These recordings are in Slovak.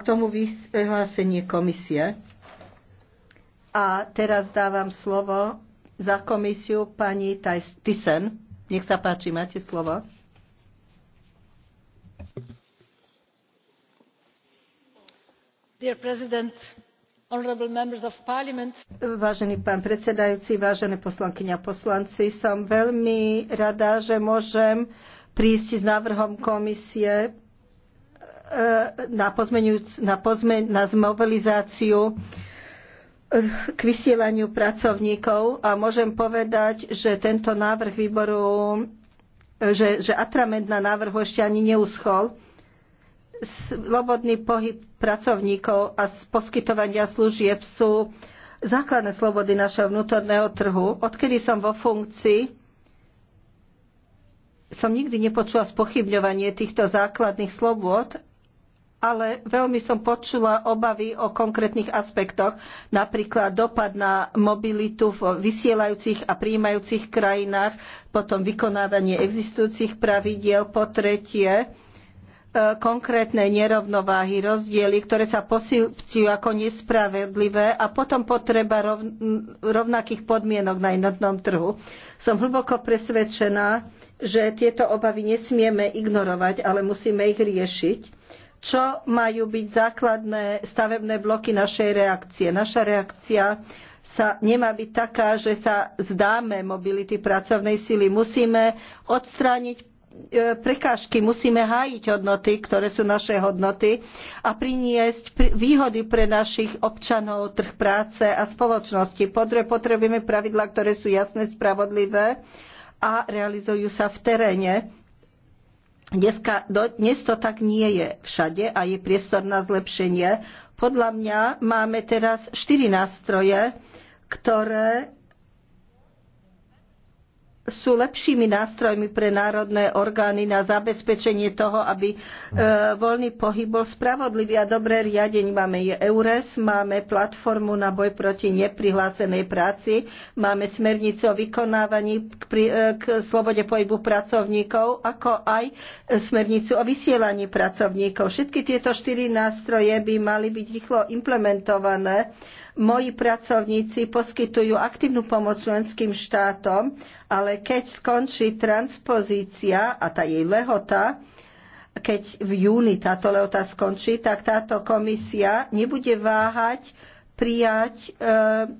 k tomu vyhlásenie komisie. A teraz dávam slovo za komisiu pani Tysen. Nech sa páči, máte slovo. Dear President, vážený pán predsedajúci vážené poslankyňa a poslanci som veľmi rada že môžem prísť s návrhom komisie Eh, na, na, pozme, na zmobilizáciu eh, k vysielaniu pracovníkov a môžem povedať, že tento návrh výboru, eh, že, že atrament na návrhu ešte ani neuschol. Slobodný pohyb pracovníkov a poskytovania služieb sú základné slobody našeho vnútorného trhu. Odkedy som vo funkcii, som nikdy nepočula spochybňovanie týchto základných slobôd ale veľmi som počula obavy o konkrétnych aspektoch, napríklad dopad na mobilitu v vysielajúcich a príjmajúcich krajinách, potom vykonávanie existujúcich pravidiel, po tretie e, konkrétne nerovnováhy, rozdiely, ktoré sa posilcujú ako nespravedlivé a potom potreba rovnakých podmienok na jednotnom trhu. Som hlboko presvedčená, že tieto obavy nesmieme ignorovať, ale musíme ich riešiť čo majú byť základné stavebné bloky našej reakcie. Naša reakcia sa nemá byť taká, že sa vzdáme mobility pracovnej sily. Musíme odstrániť e, prekážky, musíme hájiť hodnoty, ktoré sú naše hodnoty a priniesť výhody pre našich občanov, trh práce a spoločnosti. Po potrebujeme pravidlá, ktoré sú jasné, spravodlivé a realizujú sa v teréne Dneska, do, dnes to tak nie je všade a je priestor na zlepšenie. Podľa mňa máme teraz štyri nástroje, ktoré sú lepšími nástrojmi pre národné orgány na zabezpečenie toho, aby e, voľný pohyb bol spravodlivý a dobré riadenie. Máme EURES, máme platformu na boj proti neprihlásenej práci, máme smernicu o vykonávaní k, pri, e, k slobode pohybu pracovníkov, ako aj smernicu o vysielaní pracovníkov. Všetky tieto štyri nástroje by mali byť rýchlo implementované Moji pracovníci poskytujú aktívnu pomoc členským štátom, ale keď skončí transpozícia a tá jej lehota, keď v júni táto lehota skončí, tak táto komisia nebude váhať prijať e,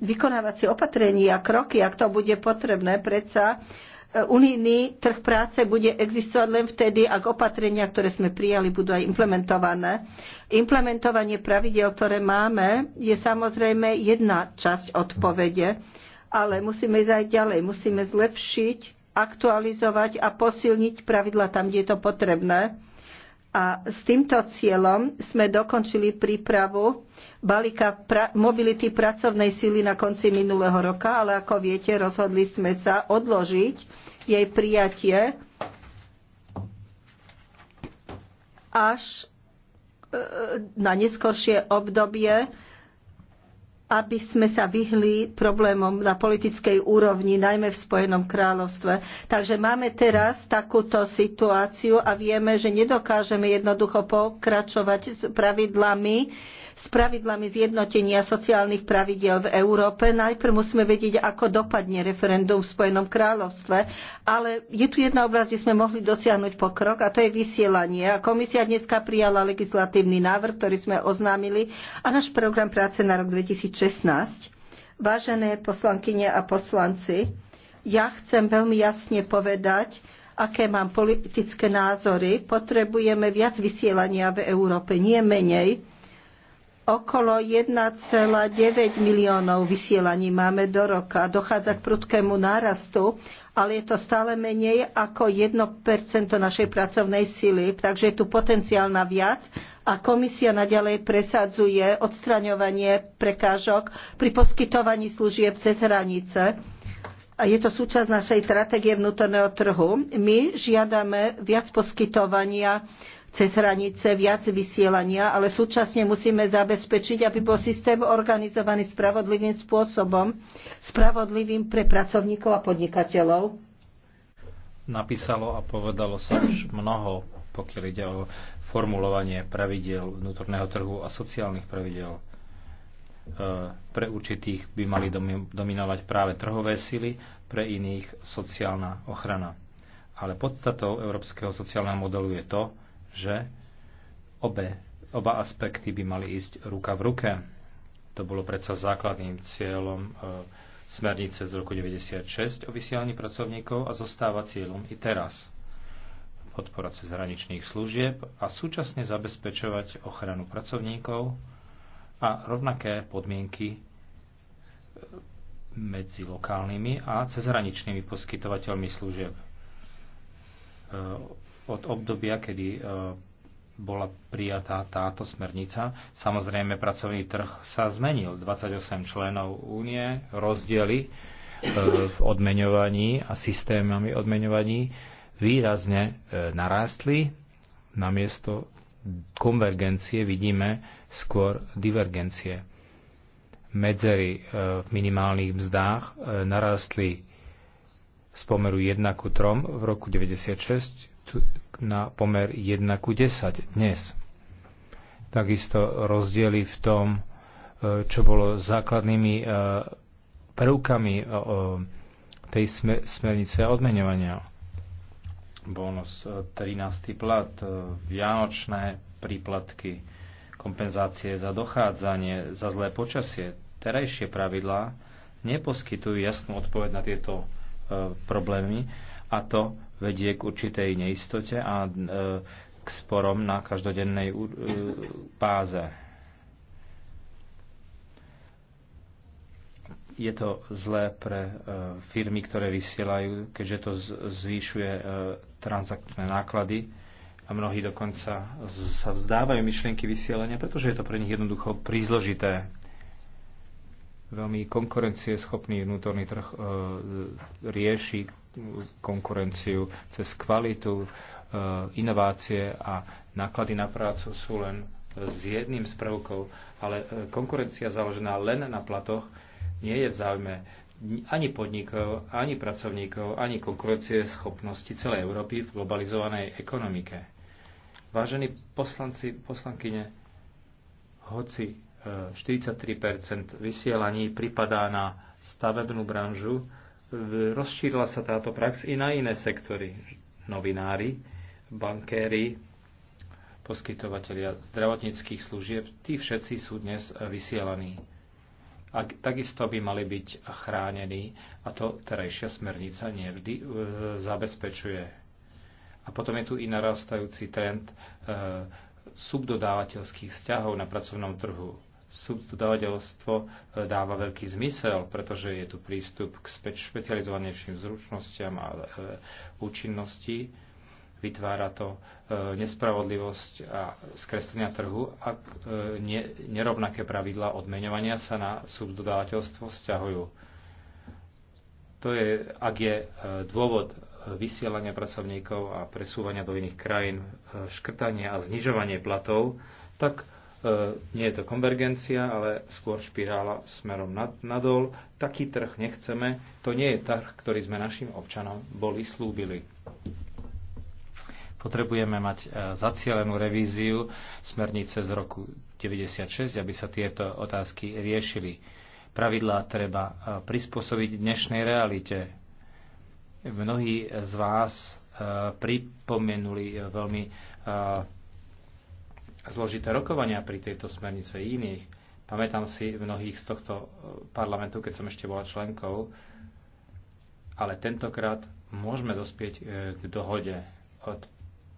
vykonávacie opatrenia, kroky, ak to bude potrebné. Predsa E, unijný trh práce bude existovať len vtedy, ak opatrenia, ktoré sme prijali, budú aj implementované. Implementovanie pravidel, ktoré máme, je samozrejme jedna časť odpovede, ale musíme ísť aj ďalej. Musíme zlepšiť, aktualizovať a posilniť pravidla tam, kde je to potrebné. A s týmto cieľom sme dokončili prípravu balíka pra- mobility pracovnej síly na konci minulého roka, ale ako viete, rozhodli sme sa odložiť jej prijatie až e, na neskoršie obdobie, aby sme sa vyhli problémom na politickej úrovni, najmä v Spojenom kráľovstve. Takže máme teraz takúto situáciu a vieme, že nedokážeme jednoducho pokračovať s pravidlami, s pravidlami zjednotenia sociálnych pravidiel v Európe. Najprv musíme vedieť, ako dopadne referendum v Spojenom kráľovstve, ale je tu jedna oblasť, kde sme mohli dosiahnuť pokrok a to je vysielanie. A komisia dneska prijala legislatívny návrh, ktorý sme oznámili a náš program práce na rok 2016. Vážené poslankyne a poslanci, ja chcem veľmi jasne povedať, aké mám politické názory. Potrebujeme viac vysielania v Európe, nie menej. Okolo 1,9 miliónov vysielaní máme do roka. Dochádza k prudkému nárastu, ale je to stále menej ako 1% našej pracovnej sily, takže je tu potenciál na viac a komisia naďalej presadzuje odstraňovanie prekážok pri poskytovaní služieb cez hranice. A je to súčasť našej stratégie vnútorného trhu. My žiadame viac poskytovania cez hranice viac vysielania, ale súčasne musíme zabezpečiť, aby bol systém organizovaný spravodlivým spôsobom, spravodlivým pre pracovníkov a podnikateľov. Napísalo a povedalo sa už mnoho, pokiaľ ide o formulovanie pravidel vnútorného trhu a sociálnych pravidel. E, pre určitých by mali dominovať práve trhové sily, pre iných sociálna ochrana. Ale podstatou európskeho sociálneho modelu je to, že obe, oba aspekty by mali ísť ruka v ruke. To bolo predsa základným cieľom e, smernice z roku 96 o vysielaní pracovníkov a zostáva cieľom i teraz podpora cezhraničných služieb a súčasne zabezpečovať ochranu pracovníkov a rovnaké podmienky e, medzi lokálnymi a cezhraničnými poskytovateľmi služieb. E, od obdobia, kedy e, bola prijatá táto smernica. Samozrejme, pracovný trh sa zmenil. 28 členov únie, rozdiely e, v odmeňovaní a systémami odmeňovaní výrazne e, narástli. Namiesto konvergencie vidíme skôr divergencie. Medzery v minimálnych mzdách narástli z pomeru 1 ku 3 v roku 96 na pomer 1 ku 10 dnes. Takisto rozdiely v tom, e, čo bolo základnými e, prvkami e, tej smernice odmenovania. Bonus 13. plat, vianočné príplatky, kompenzácie za dochádzanie, za zlé počasie. Terajšie pravidlá neposkytujú jasnú odpoveď na tieto problémy a to vedie k určitej neistote a e, k sporom na každodennej e, báze. Je to zlé pre e, firmy, ktoré vysielajú, keďže to zvýšuje transakčné náklady a mnohí dokonca sa vzdávajú myšlienky vysielania, pretože je to pre nich jednoducho prízložité veľmi konkurencieschopný vnútorný trh e, rieši konkurenciu cez kvalitu, e, inovácie a náklady na prácu sú len s jedným z prvkov, ale e, konkurencia založená len na platoch nie je v záujme ani podnikov, ani pracovníkov, ani konkurencie schopnosti celej Európy v globalizovanej ekonomike. Vážení poslanci, poslankyne, hoci 43% e, vysielaní pripadá na stavebnú branžu, rozšírila sa táto prax i na iné sektory. Novinári, bankéri, poskytovateľia zdravotníckých služieb, tí všetci sú dnes vysielaní. A takisto by mali byť chránení a to terajšia smernica nevždy e, zabezpečuje. A potom je tu i narastajúci trend e, subdodávateľských vzťahov na pracovnom trhu subdodávateľstvo e, dáva veľký zmysel, pretože je tu prístup k špecializovanejším zručnostiam a e, účinnosti. Vytvára to e, nespravodlivosť a skreslenia trhu, a e, ne, nerovnaké pravidlá odmeňovania sa na subdodávateľstvo vzťahujú. To je, ak je e, dôvod e, vysielania pracovníkov a presúvania do iných krajín, e, škrtanie a znižovanie platov, tak E, nie je to konvergencia, ale skôr špirála smerom nad, nadol. Taký trh nechceme, to nie je trh, ktorý sme našim občanom boli slúbili. Potrebujeme mať e, zacielenú revíziu smernice z roku 1996, aby sa tieto otázky riešili. Pravidlá treba e, prispôsobiť dnešnej realite. Mnohí z vás pripomenuli veľmi zložité rokovania pri tejto smernice iných. Pamätám si mnohých z tohto e, parlamentu, keď som ešte bola členkou, ale tentokrát môžeme dospieť e, k dohode. Od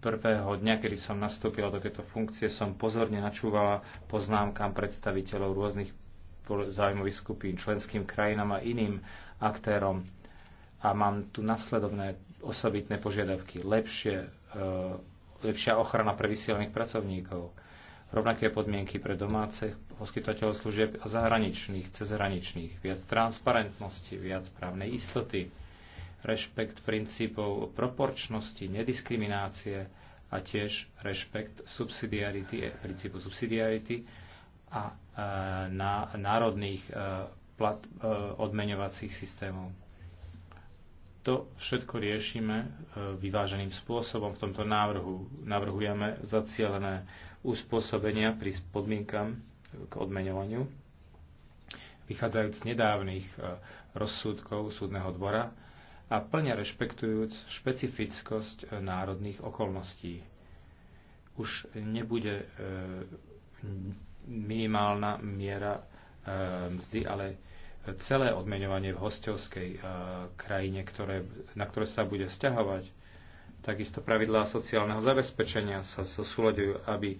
prvého dňa, kedy som nastúpila do tejto funkcie, som pozorne načúvala poznámkam predstaviteľov rôznych zájmových skupín, členským krajinám a iným aktérom. A mám tu nasledovné osobitné požiadavky. Lepšie e, lepšia ochrana pre vysielaných pracovníkov, rovnaké podmienky pre domácich poskytovateľov služieb a zahraničných, cezhraničných, viac transparentnosti, viac právnej istoty, rešpekt princípov proporčnosti, nediskriminácie a tiež rešpekt subsidiarity, eh, princípu subsidiarity a eh, na národných eh, plat, odmeňovacích systémov. To všetko riešime e, vyváženým spôsobom. V tomto návrhu navrhujeme zacielené uspôsobenia pri podmienkam k odmeňovaniu, vychádzajúc z nedávnych e, rozsudkov súdneho dvora a plne rešpektujúc špecifickosť e, národných okolností. Už nebude minimálna miera mzdy, ale celé odmeňovanie v hostovskej eh, krajine, ktoré, na ktoré sa bude vzťahovať. Takisto pravidlá sociálneho zabezpečenia sa súľadujú, aby eh,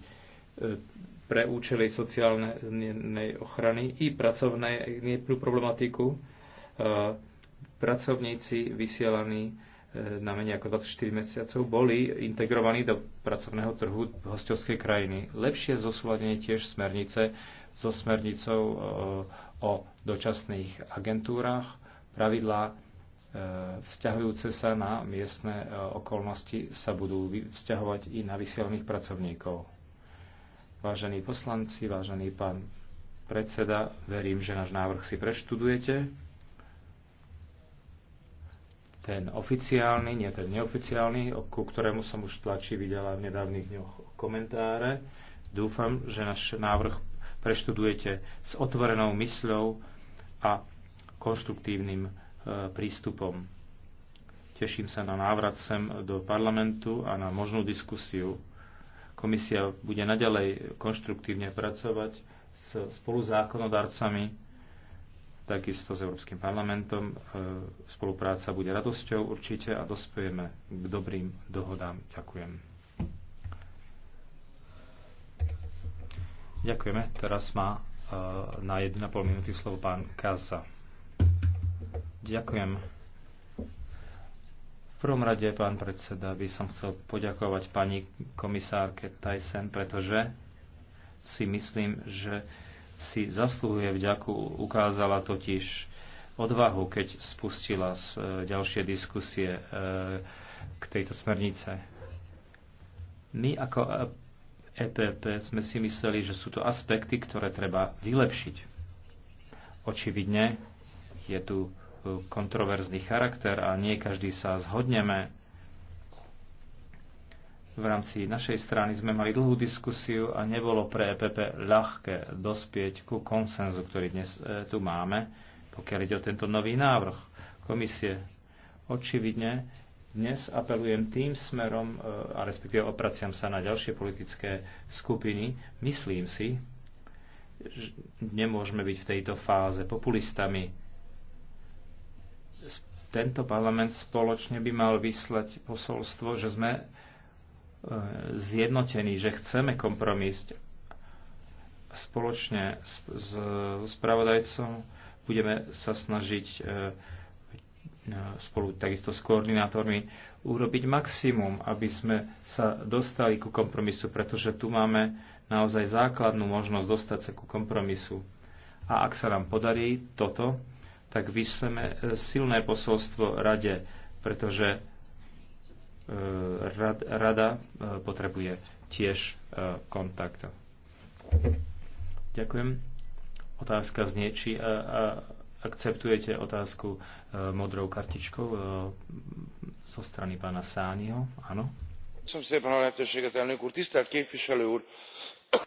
pre účely sociálnej ochrany i pracovnej problematiku eh, pracovníci vysielaní na menej ako 24 mesiacov boli integrovaní do pracovného trhu hostovskej krajiny. Lepšie zosúladenie tiež smernice so smernicou o dočasných agentúrach, pravidlá e, vzťahujúce sa na miestne e, okolnosti sa budú vzťahovať i na vysielaných pracovníkov. Vážení poslanci, vážený pán predseda, verím, že náš návrh si preštudujete. Ten oficiálny, nie ten neoficiálny, ku ktorému som už tlačí videla v nedávnych dňoch komentáre. Dúfam, že náš návrh preštudujete s otvorenou mysľou a konštruktívnym e, prístupom. Teším sa na návrat sem do parlamentu a na možnú diskusiu. Komisia bude naďalej konštruktívne pracovať s spoluzákonodarcami, takisto s Európskym parlamentom. E, spolupráca bude radosťou určite a dospejeme k dobrým dohodám. Ďakujem. Ďakujeme. Teraz má e, na 1,5 minúty slovo pán Kaza. Ďakujem. V prvom rade, pán predseda, by som chcel poďakovať pani komisárke Tyson, pretože si myslím, že si zaslúhuje vďaku. Ukázala totiž odvahu, keď spustila e, ďalšie diskusie e, k tejto smernice. My ako EPP sme si mysleli, že sú to aspekty, ktoré treba vylepšiť. Očividne je tu e, kontroverzný charakter a nie každý sa zhodneme. V rámci našej strany sme mali dlhú diskusiu a nebolo pre EPP ľahké dospieť ku konsenzu, ktorý dnes e, tu máme, pokiaľ ide o tento nový návrh komisie. Očividne dnes apelujem tým smerom, e, a respektíve opraciam sa na ďalšie politické skupiny. Myslím si, že nemôžeme byť v tejto fáze populistami. Tento parlament spoločne by mal vyslať posolstvo, že sme e, zjednotení, že chceme kompromis. Spoločne s, s spravodajcom budeme sa snažiť e, No, spolu takisto s koordinátormi urobiť maximum, aby sme sa dostali ku kompromisu, pretože tu máme naozaj základnú možnosť dostať sa ku kompromisu. A ak sa nám podarí toto, tak vyšleme e, silné posolstvo rade, pretože e, rada e, potrebuje tiež kontakt. Ďakujem. Otázka znie, či akceptujete otázku e, modrou kartičkou e, zo strany pána Sániho? Áno?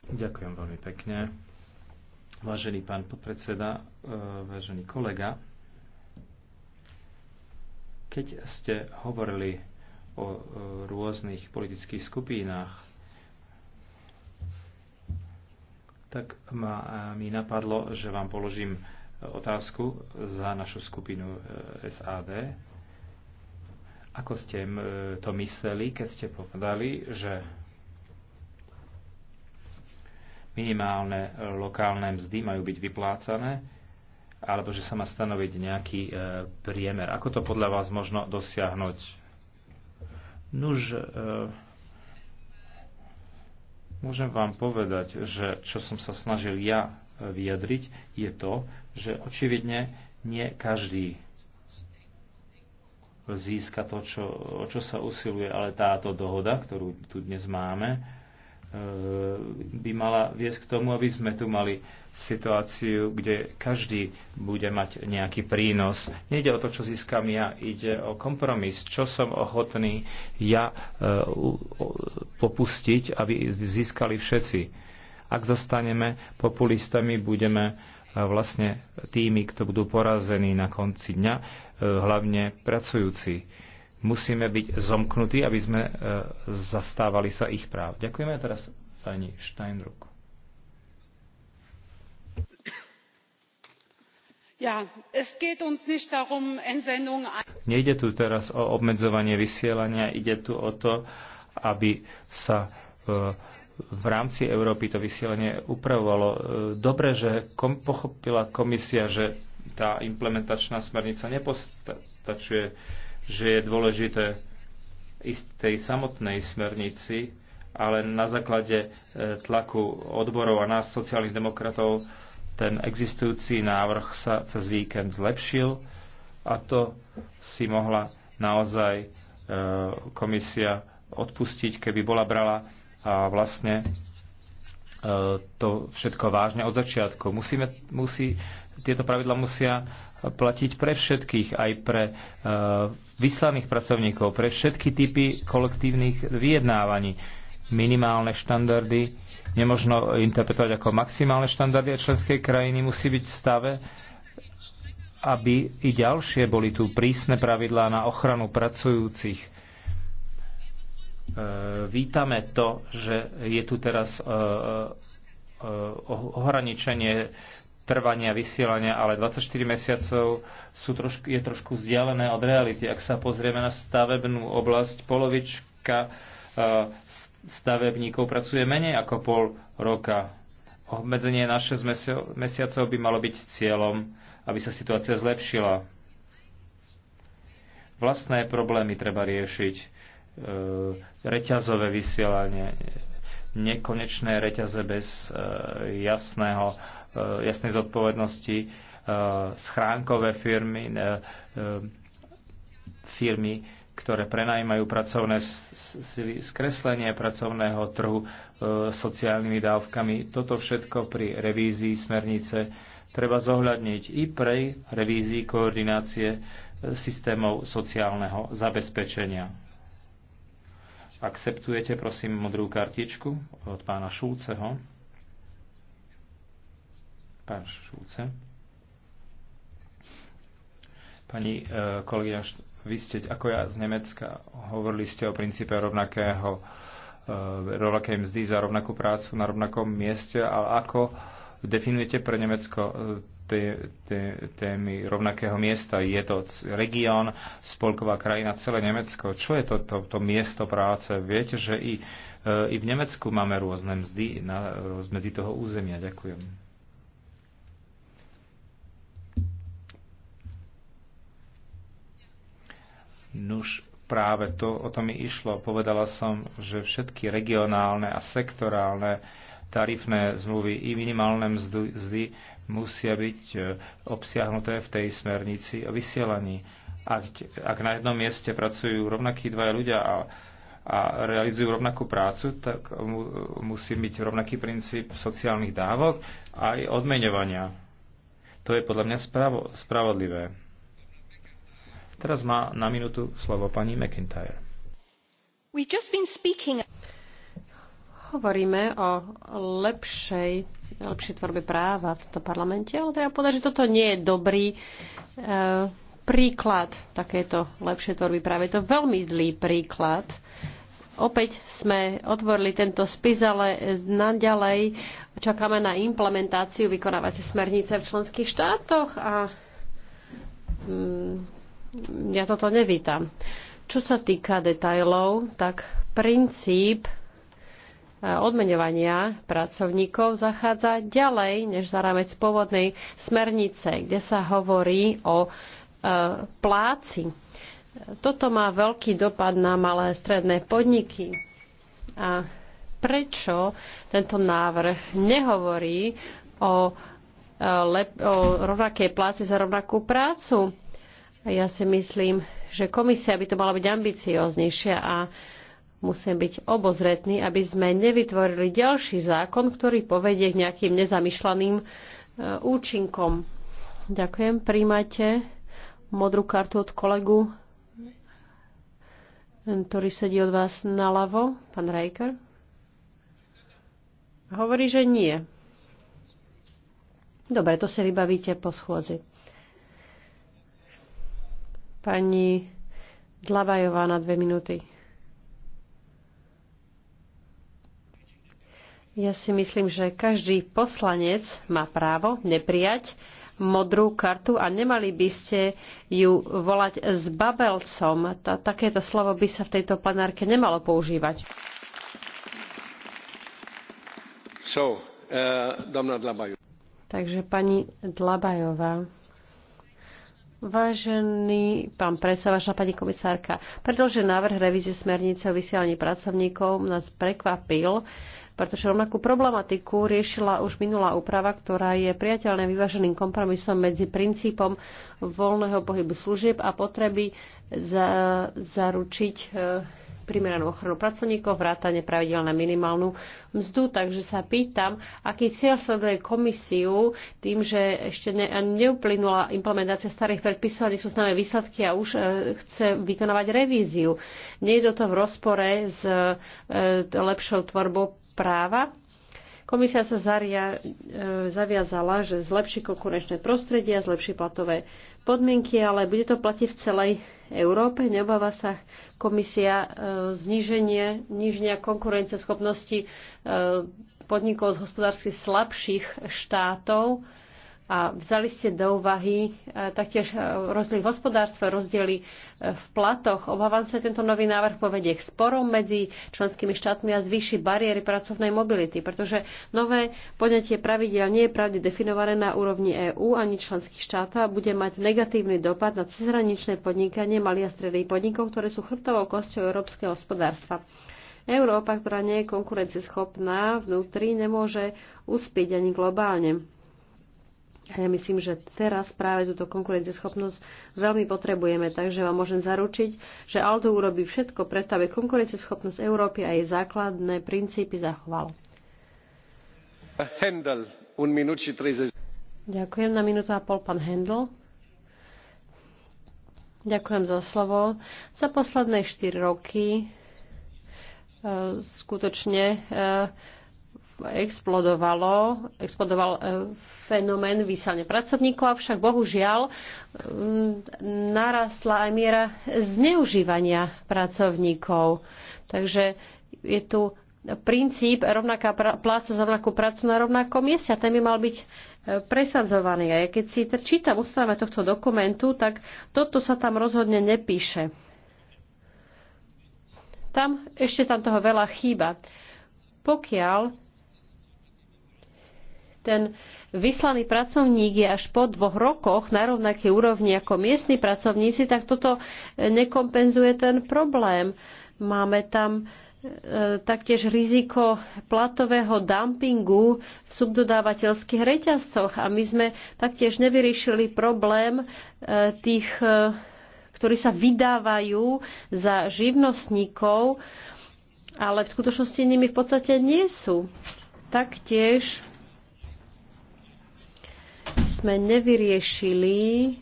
Ďakujem veľmi pekne. Vážený pán podpredseda, e, vážený kolega, keď ste hovorili o rôznych politických skupinách, tak ma, mi napadlo, že vám položím otázku za našu skupinu eh, SAD. Ako ste eh, to mysleli, keď ste povedali, že minimálne eh, lokálne mzdy majú byť vyplácané, alebo že sa má stanoviť nejaký priemer. Ako to podľa vás možno dosiahnuť? Nuž, môžem vám povedať, že čo som sa snažil ja vyjadriť, je to, že očividne nie každý získa to, čo, o čo sa usiluje, ale táto dohoda, ktorú tu dnes máme, e, by mala viesť k tomu, aby sme tu mali situáciu, kde každý bude mať nejaký prínos. Nejde o to, čo získam ja, ide o kompromis, čo som ochotný ja e, popustiť, aby získali všetci. Ak zostaneme populistami, budeme vlastne tými, kto budú porazení na konci dňa, e, hlavne pracujúci. Musíme byť zomknutí, aby sme e, zastávali sa ich práv. Ďakujeme teraz pani Steinruck. Ja, es geht uns nicht darum, Entsendung... Nejde tu teraz o obmedzovanie vysielania, ide tu o to, aby sa uh, v rámci Európy to vysielanie upravovalo. E, dobre, že kom, pochopila komisia, že tá implementačná smernica nepostačuje, že je dôležité istej samotnej smernici, ale na základe e, tlaku odborov a nás, sociálnych demokratov, ten existujúci návrh sa cez víkend zlepšil a to si mohla naozaj e, komisia odpustiť, keby bola brala a vlastne e, to všetko vážne od začiatku. Musíme, musí, tieto pravidla musia platiť pre všetkých, aj pre e, vyslaných pracovníkov, pre všetky typy kolektívnych vyjednávaní. Minimálne štandardy nemožno interpretovať ako maximálne štandardy a členské krajiny musí byť v stave, aby i ďalšie boli tu prísne pravidlá na ochranu pracujúcich E, vítame to, že je tu teraz e, e, ohraničenie trvania vysielania, ale 24 mesiacov sú trošku, je trošku vzdialené od reality. Ak sa pozrieme na stavebnú oblasť, polovička stavebníkov pracuje menej ako pol roka. Obmedzenie na 6 mesiacov by malo byť cieľom, aby sa situácia zlepšila. Vlastné problémy treba riešiť E, reťazové vysielanie, nekonečné reťaze bez e, jasného, e, jasnej zodpovednosti, schránkové firmy, firmy, ktoré prenajímajú pracovné skreslenie pracovného trhu sociálnymi dávkami. Toto všetko pri revízii smernice treba zohľadniť i pre revízii koordinácie systémov sociálneho zabezpečenia. Akceptujete, prosím, modrú kartičku od pána Šulceho? Pán Šulce. Pani e, kolegyňa, vy ste, ako ja z Nemecka, hovorili ste o princípe rovnakého, e, eh, rovnakej mzdy za rovnakú prácu na rovnakom mieste, ale ako definujete pre Nemecko eh, té, té, témy rovnakého miesta. Je to región, spolková krajina, celé Nemecko. Čo je to, to, to miesto práce? Viete, že i, e, i v Nemecku máme rôzne mzdy na, medzi toho územia. Ďakujem. Nuž, práve to, o to mi išlo. Povedala som, že všetky regionálne a sektorálne tarifné zmluvy i minimálne mzdy musia byť e, obsiahnuté v tej smernici o vysielaní. Ak, ak na jednom mieste pracujú rovnakí dvaja ľudia a, a realizujú rovnakú prácu, tak mu, musí byť rovnaký princíp sociálnych dávok a aj odmeňovania. To je podľa mňa spravo, spravodlivé. Teraz má na minútu slovo pani McIntyre. We've just been speaking hovoríme o lepšej, lepšej tvorbe práva v tomto parlamente, ale treba povedať, že toto nie je dobrý e, príklad takéto lepšej tvorby práva. Je to veľmi zlý príklad. Opäť sme otvorili tento spis, ale naďalej čakáme na implementáciu vykonávacie smernice v členských štátoch a mm, ja toto nevítam. Čo sa týka detajlov, tak princíp E, odmeňovania pracovníkov zachádza ďalej než za rámec pôvodnej smernice, kde sa hovorí o e, pláci. Toto má veľký dopad na malé stredné podniky. A prečo tento návrh nehovorí o, e, lep- o rovnakej pláci za rovnakú prácu? Ja si myslím, že komisia by to mala byť ambicioznejšia a Musím byť obozretný, aby sme nevytvorili ďalší zákon, ktorý povedie k nejakým nezamýšľaným e, účinkom. Ďakujem. Príjmate modrú kartu od kolegu, ktorý sedí od vás naľavo, pán Rejker. Hovorí, že nie. Dobre, to si vybavíte po schôdzi. Pani Dlabajová na dve minúty. Ja si myslím, že každý poslanec má právo neprijať modrú kartu a nemali by ste ju volať s babelcom. Tá, takéto slovo by sa v tejto plenárke nemalo používať. So, uh, Takže pani Dlabajová. Vážený pán predseda, vaša pani komisárka, predložený návrh revízie smernice o vysielaní pracovníkov nás prekvapil, pretože rovnakú problematiku riešila už minulá úprava, ktorá je priateľne vyváženým kompromisom medzi princípom voľného pohybu služieb a potreby za, zaručiť e, primeranú ochranu pracovníkov, vrátane pravidel na minimálnu mzdu. Takže sa pýtam, aký cieľ sleduje komisiu tým, že ešte ne, neuplynula implementácia starých predpisov a nie sú známe výsledky a už e, chce vykonávať revíziu. Nie je to v rozpore s e, lepšou tvorbou práva. Komisia sa zaria, e, zaviazala, že zlepší konkurenčné prostredie a zlepší platové podmienky, ale bude to platiť v celej Európe. Neobáva sa komisia e, zniženie, zniženia konkurenceschopnosti e, podnikov z hospodársky slabších štátov. E, a vzali ste do úvahy e, taktiež e, rozdiel v hospodárstve, rozdiely e, v platoch. Obávam sa, tento nový návrh povedie k sporom medzi členskými štátmi a zvýši bariéry pracovnej mobility, pretože nové podnetie pravidel nie je pravde definované na úrovni EÚ ani členských štátov a bude mať negatívny dopad na cezhraničné podnikanie malých a stredných podnikov, ktoré sú chrbtovou kosťou európskeho hospodárstva. Európa, ktorá nie je konkurencieschopná vnútri, nemôže uspieť ani globálne a ja myslím, že teraz práve túto konkurencieschopnosť veľmi potrebujeme, takže vám môžem zaručiť, že Aldo urobí všetko preto, aby konkurencieschopnosť Európy a jej základné princípy zachoval. Handel, un minuči, Ďakujem na minútu a pol, pán Hendl. Ďakujem za slovo. Za posledné 4 roky e, skutočne e, explodovalo, explodoval e, fenomén vysielania pracovníkov, avšak bohužiaľ mm, narastla aj miera zneužívania pracovníkov. Takže je tu princíp rovnaká pláca za rovnakú prácu na rovnakom mieste. Ten by mal byť e, presadzovaný. A keď si čítam ústave tohto dokumentu, tak toto sa tam rozhodne nepíše. Tam ešte tam toho veľa chýba. Pokiaľ ten vyslaný pracovník je až po dvoch rokoch na rovnakej úrovni ako miestni pracovníci, tak toto e, nekompenzuje ten problém. Máme tam e, taktiež riziko platového dumpingu v subdodávateľských reťazcoch. A my sme taktiež nevyriešili problém e, tých, ktorí sa vydávajú za živnostníkov, ale v skutočnosti nimi v podstate nie sú. Taktiež sme nevyriešili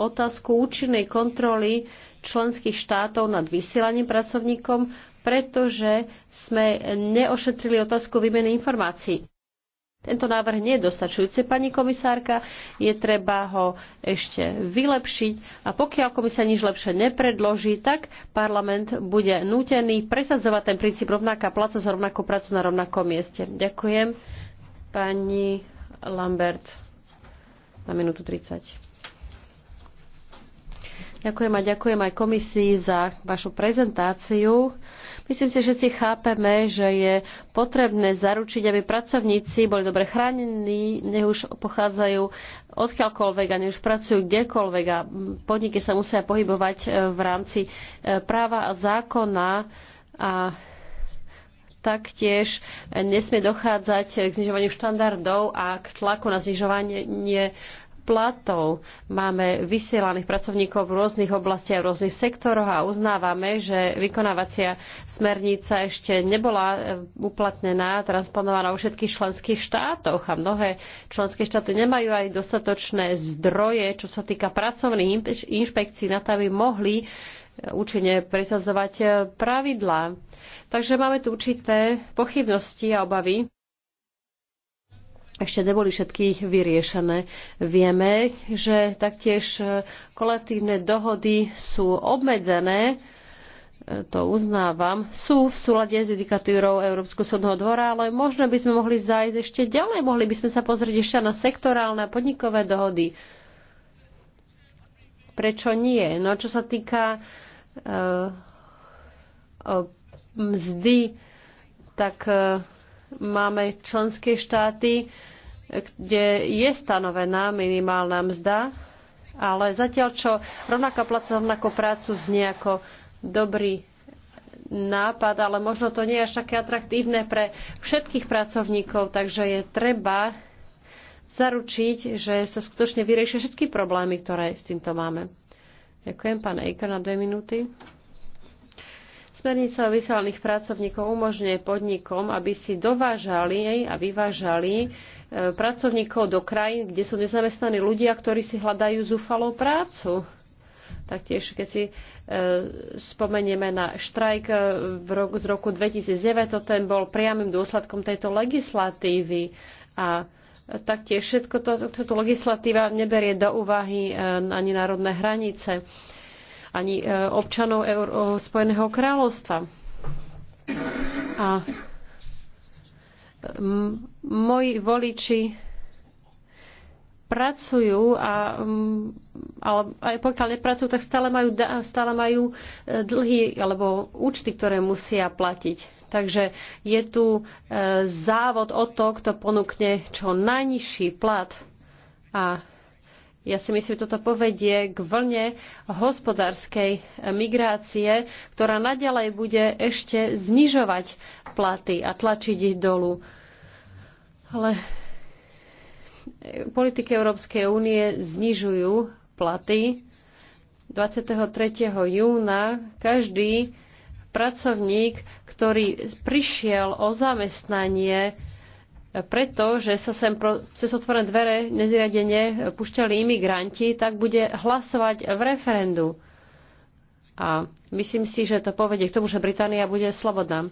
otázku účinnej kontroly členských štátov nad vysielaním pracovníkom, pretože sme neošetrili otázku výmeny informácií. Tento návrh nie je dostačujúci, pani komisárka, je treba ho ešte vylepšiť a pokiaľ komisia nič lepšie nepredloží, tak parlament bude nútený presadzovať ten princíp rovnaká placa za rovnakú prácu na rovnakom mieste. Ďakujem. Pani Lambert na minútu 30. Ďakujem a ďakujem aj komisii za vašu prezentáciu. Myslím si, že všetci chápeme, že je potrebné zaručiť, aby pracovníci boli dobre chránení, nech už pochádzajú odkiaľkoľvek a nech už pracujú kdekoľvek a podniky sa musia pohybovať v rámci e, práva a zákona a taktiež nesmie dochádzať k znižovaniu štandardov a k tlaku na znižovanie platov. Máme vysielaných pracovníkov v rôznych oblastiach, v rôznych sektoroch a uznávame, že vykonávacia smernica ešte nebola eh, uplatnená, transponovaná vo všetkých členských štátoch a mnohé členské štáty nemajú aj dostatočné zdroje, čo sa týka pracovných inšpekcií, na to, aby mohli eh, účinne presadzovať eh, pravidlá. Takže máme tu určité pochybnosti a obavy ešte neboli všetky vyriešené. Vieme, že taktiež e, kolektívne dohody sú obmedzené, e, to uznávam, sú v súlade s judikatúrou Európskeho súdneho dvora, ale možno by sme mohli zájsť ešte ďalej, mohli by sme sa pozrieť ešte na sektorálne a podnikové dohody. Prečo nie? No čo sa týka uh, uh, mzdy, tak uh, máme členské štáty, kde je stanovená minimálna mzda, ale zatiaľ čo rovnaká placa rovnakú prácu znie ako dobrý nápad, ale možno to nie je až také atraktívne pre všetkých pracovníkov, takže je treba zaručiť, že sa skutočne vyriešia všetky problémy, ktoré s týmto máme. Ďakujem, pán Eker, na dve minúty. Smernica o vysielaných pracovníkov umožňuje podnikom, aby si dovážali a vyvážali e, pracovníkov do krajín, kde sú nezamestnaní ľudia, ktorí si hľadajú zúfalú prácu. Taktiež, keď si e, spomenieme na štrajk e, v roku, z roku 2009, to ten bol priamým dôsledkom tejto legislatívy. A taktiež všetko to, toto legislatíva neberie do úvahy e, ani národné hranice. E, ani e, občanov e, Spojeného kráľovstva. A moji voliči pracujú a, ale aj pokiaľ nepracujú, tak stále majú, stále majú e, dlhy alebo účty, ktoré musia platiť. Takže je tu závod o to, kto ponúkne čo najnižší plat. A ja si myslím, že toto povedie k vlne hospodárskej migrácie, ktorá naďalej bude ešte znižovať platy a tlačiť ich dolu. Ale politiky Európskej únie znižujú platy. 23. júna každý pracovník, ktorý prišiel o zamestnanie, preto, že sa sem pro, cez otvorené dvere nezriadene pušťali imigranti, tak bude hlasovať v referendu. A myslím si, že to povedie k tomu, že Británia bude slobodná.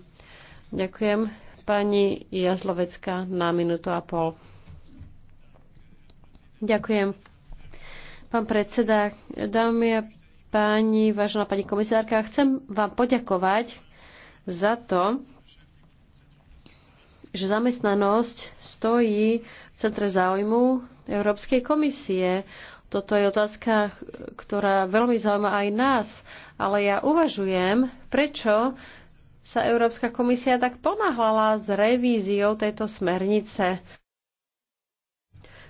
Ďakujem. Pani Jazlovecka na minútu a pol. Ďakujem. Pán predseda, dámy a páni, vážená pani komisárka, chcem vám poďakovať za to, že zamestnanosť stojí v centre záujmu Európskej komisie. Toto je otázka, ktorá veľmi zaujíma aj nás, ale ja uvažujem, prečo sa Európska komisia tak ponáhlala s revíziou tejto smernice.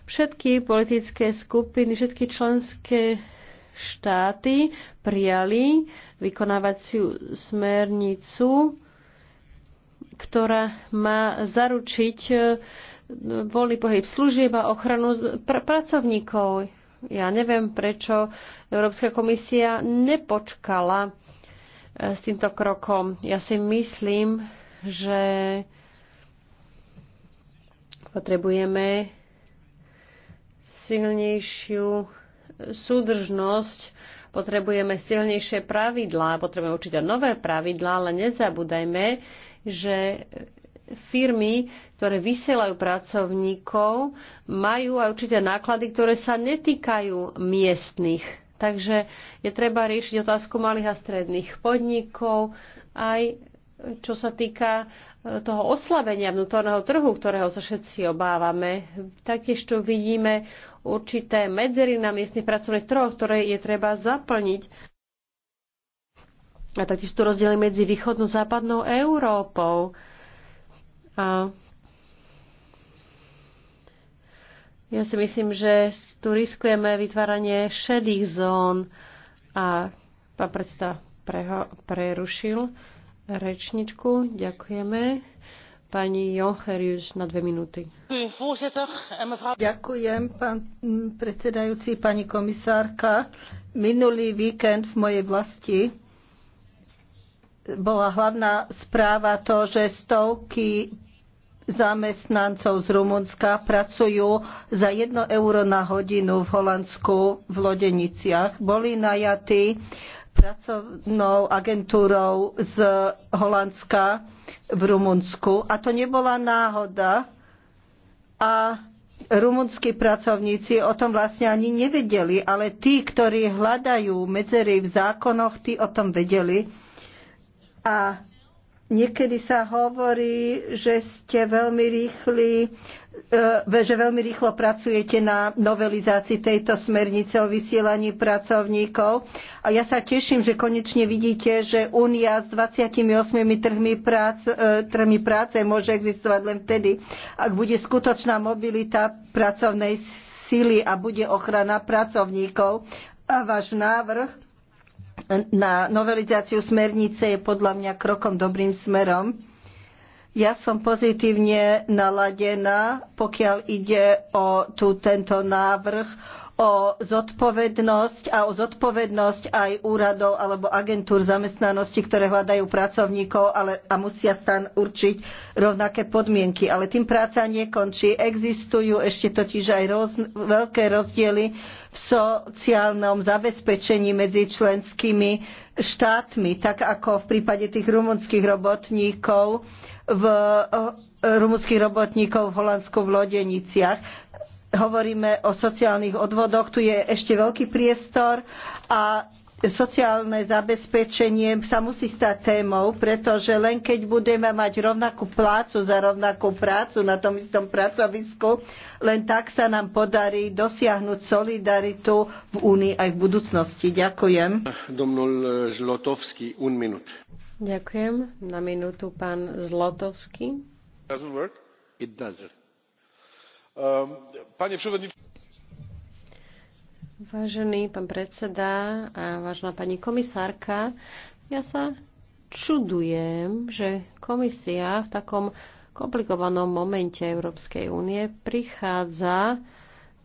Všetky politické skupiny, všetky členské štáty prijali vykonávaciu smernicu ktorá má zaručiť e, voľný pohyb služieb a ochranu pr- pracovníkov. Ja neviem, prečo Európska komisia nepočkala e, s týmto krokom. Ja si myslím, že potrebujeme silnejšiu súdržnosť, potrebujeme silnejšie pravidlá, potrebujeme určite nové pravidlá, ale nezabúdajme, že firmy, ktoré vysielajú pracovníkov, majú aj určité náklady, ktoré sa netýkajú miestnych. Takže je treba riešiť otázku malých a stredných podnikov, aj čo sa týka e, toho oslabenia vnútorného trhu, ktorého sa všetci obávame. Taktiež tu vidíme určité medzery na miestnych pracovných trhoch, ktoré je treba zaplniť. A taktiež tu rozdiely medzi východnou a západnou Európou. A ja si myslím, že tu riskujeme vytváranie šedých zón a pán predseda preho- prerušil rečničku. Ďakujeme. Pani už na dve minúty. Eh, Ďakujem, pán predsedajúci, pani komisárka. Minulý víkend v mojej vlasti bola hlavná správa to, že stovky zamestnancov z Rumunska pracujú za 1 euro na hodinu v Holandsku v Lodeniciach. Boli najatí pracovnou agentúrou z Holandska v Rumunsku. A to nebola náhoda. A rumunskí pracovníci o tom vlastne ani nevedeli, ale tí, ktorí hľadajú medzery v zákonoch, tí o tom vedeli a niekedy sa hovorí, že ste veľmi rýchli e, že veľmi rýchlo pracujete na novelizácii tejto smernice o vysielaní pracovníkov. A ja sa teším, že konečne vidíte, že Únia s 28 trhmi práce, trhmi práce môže existovať len vtedy, ak bude skutočná mobilita pracovnej síly a bude ochrana pracovníkov. A váš návrh na novelizáciu smernice je podľa mňa krokom dobrým smerom. Ja som pozitívne naladená, pokiaľ ide o tú, tento návrh o zodpovednosť a o zodpovednosť aj úradov alebo agentúr zamestnanosti, ktoré hľadajú pracovníkov ale, a musia stan určiť rovnaké podmienky. Ale tým práca nekončí. Existujú ešte totiž aj roz, veľké rozdiely v sociálnom zabezpečení medzi členskými štátmi, tak ako v prípade tých rumunských robotníkov v rumunských robotníkov v Holandsku v Lodeniciach hovoríme o sociálnych odvodoch, tu je ešte veľký priestor a sociálne zabezpečenie sa musí stať témou, pretože len keď budeme mať rovnakú plácu za rovnakú prácu na tom istom pracovisku, len tak sa nám podarí dosiahnuť solidaritu v Únii aj v budúcnosti. Ďakujem. Domnul Zlotovský, un minút. Ďakujem. Na minútu pán Zlotovský. Doesn't work? It doesn't Ehm, Pane przewodniczący. Vážený pán predseda a vážená pani komisárka, ja sa čudujem, že komisia v takom komplikovanom momente Európskej únie prichádza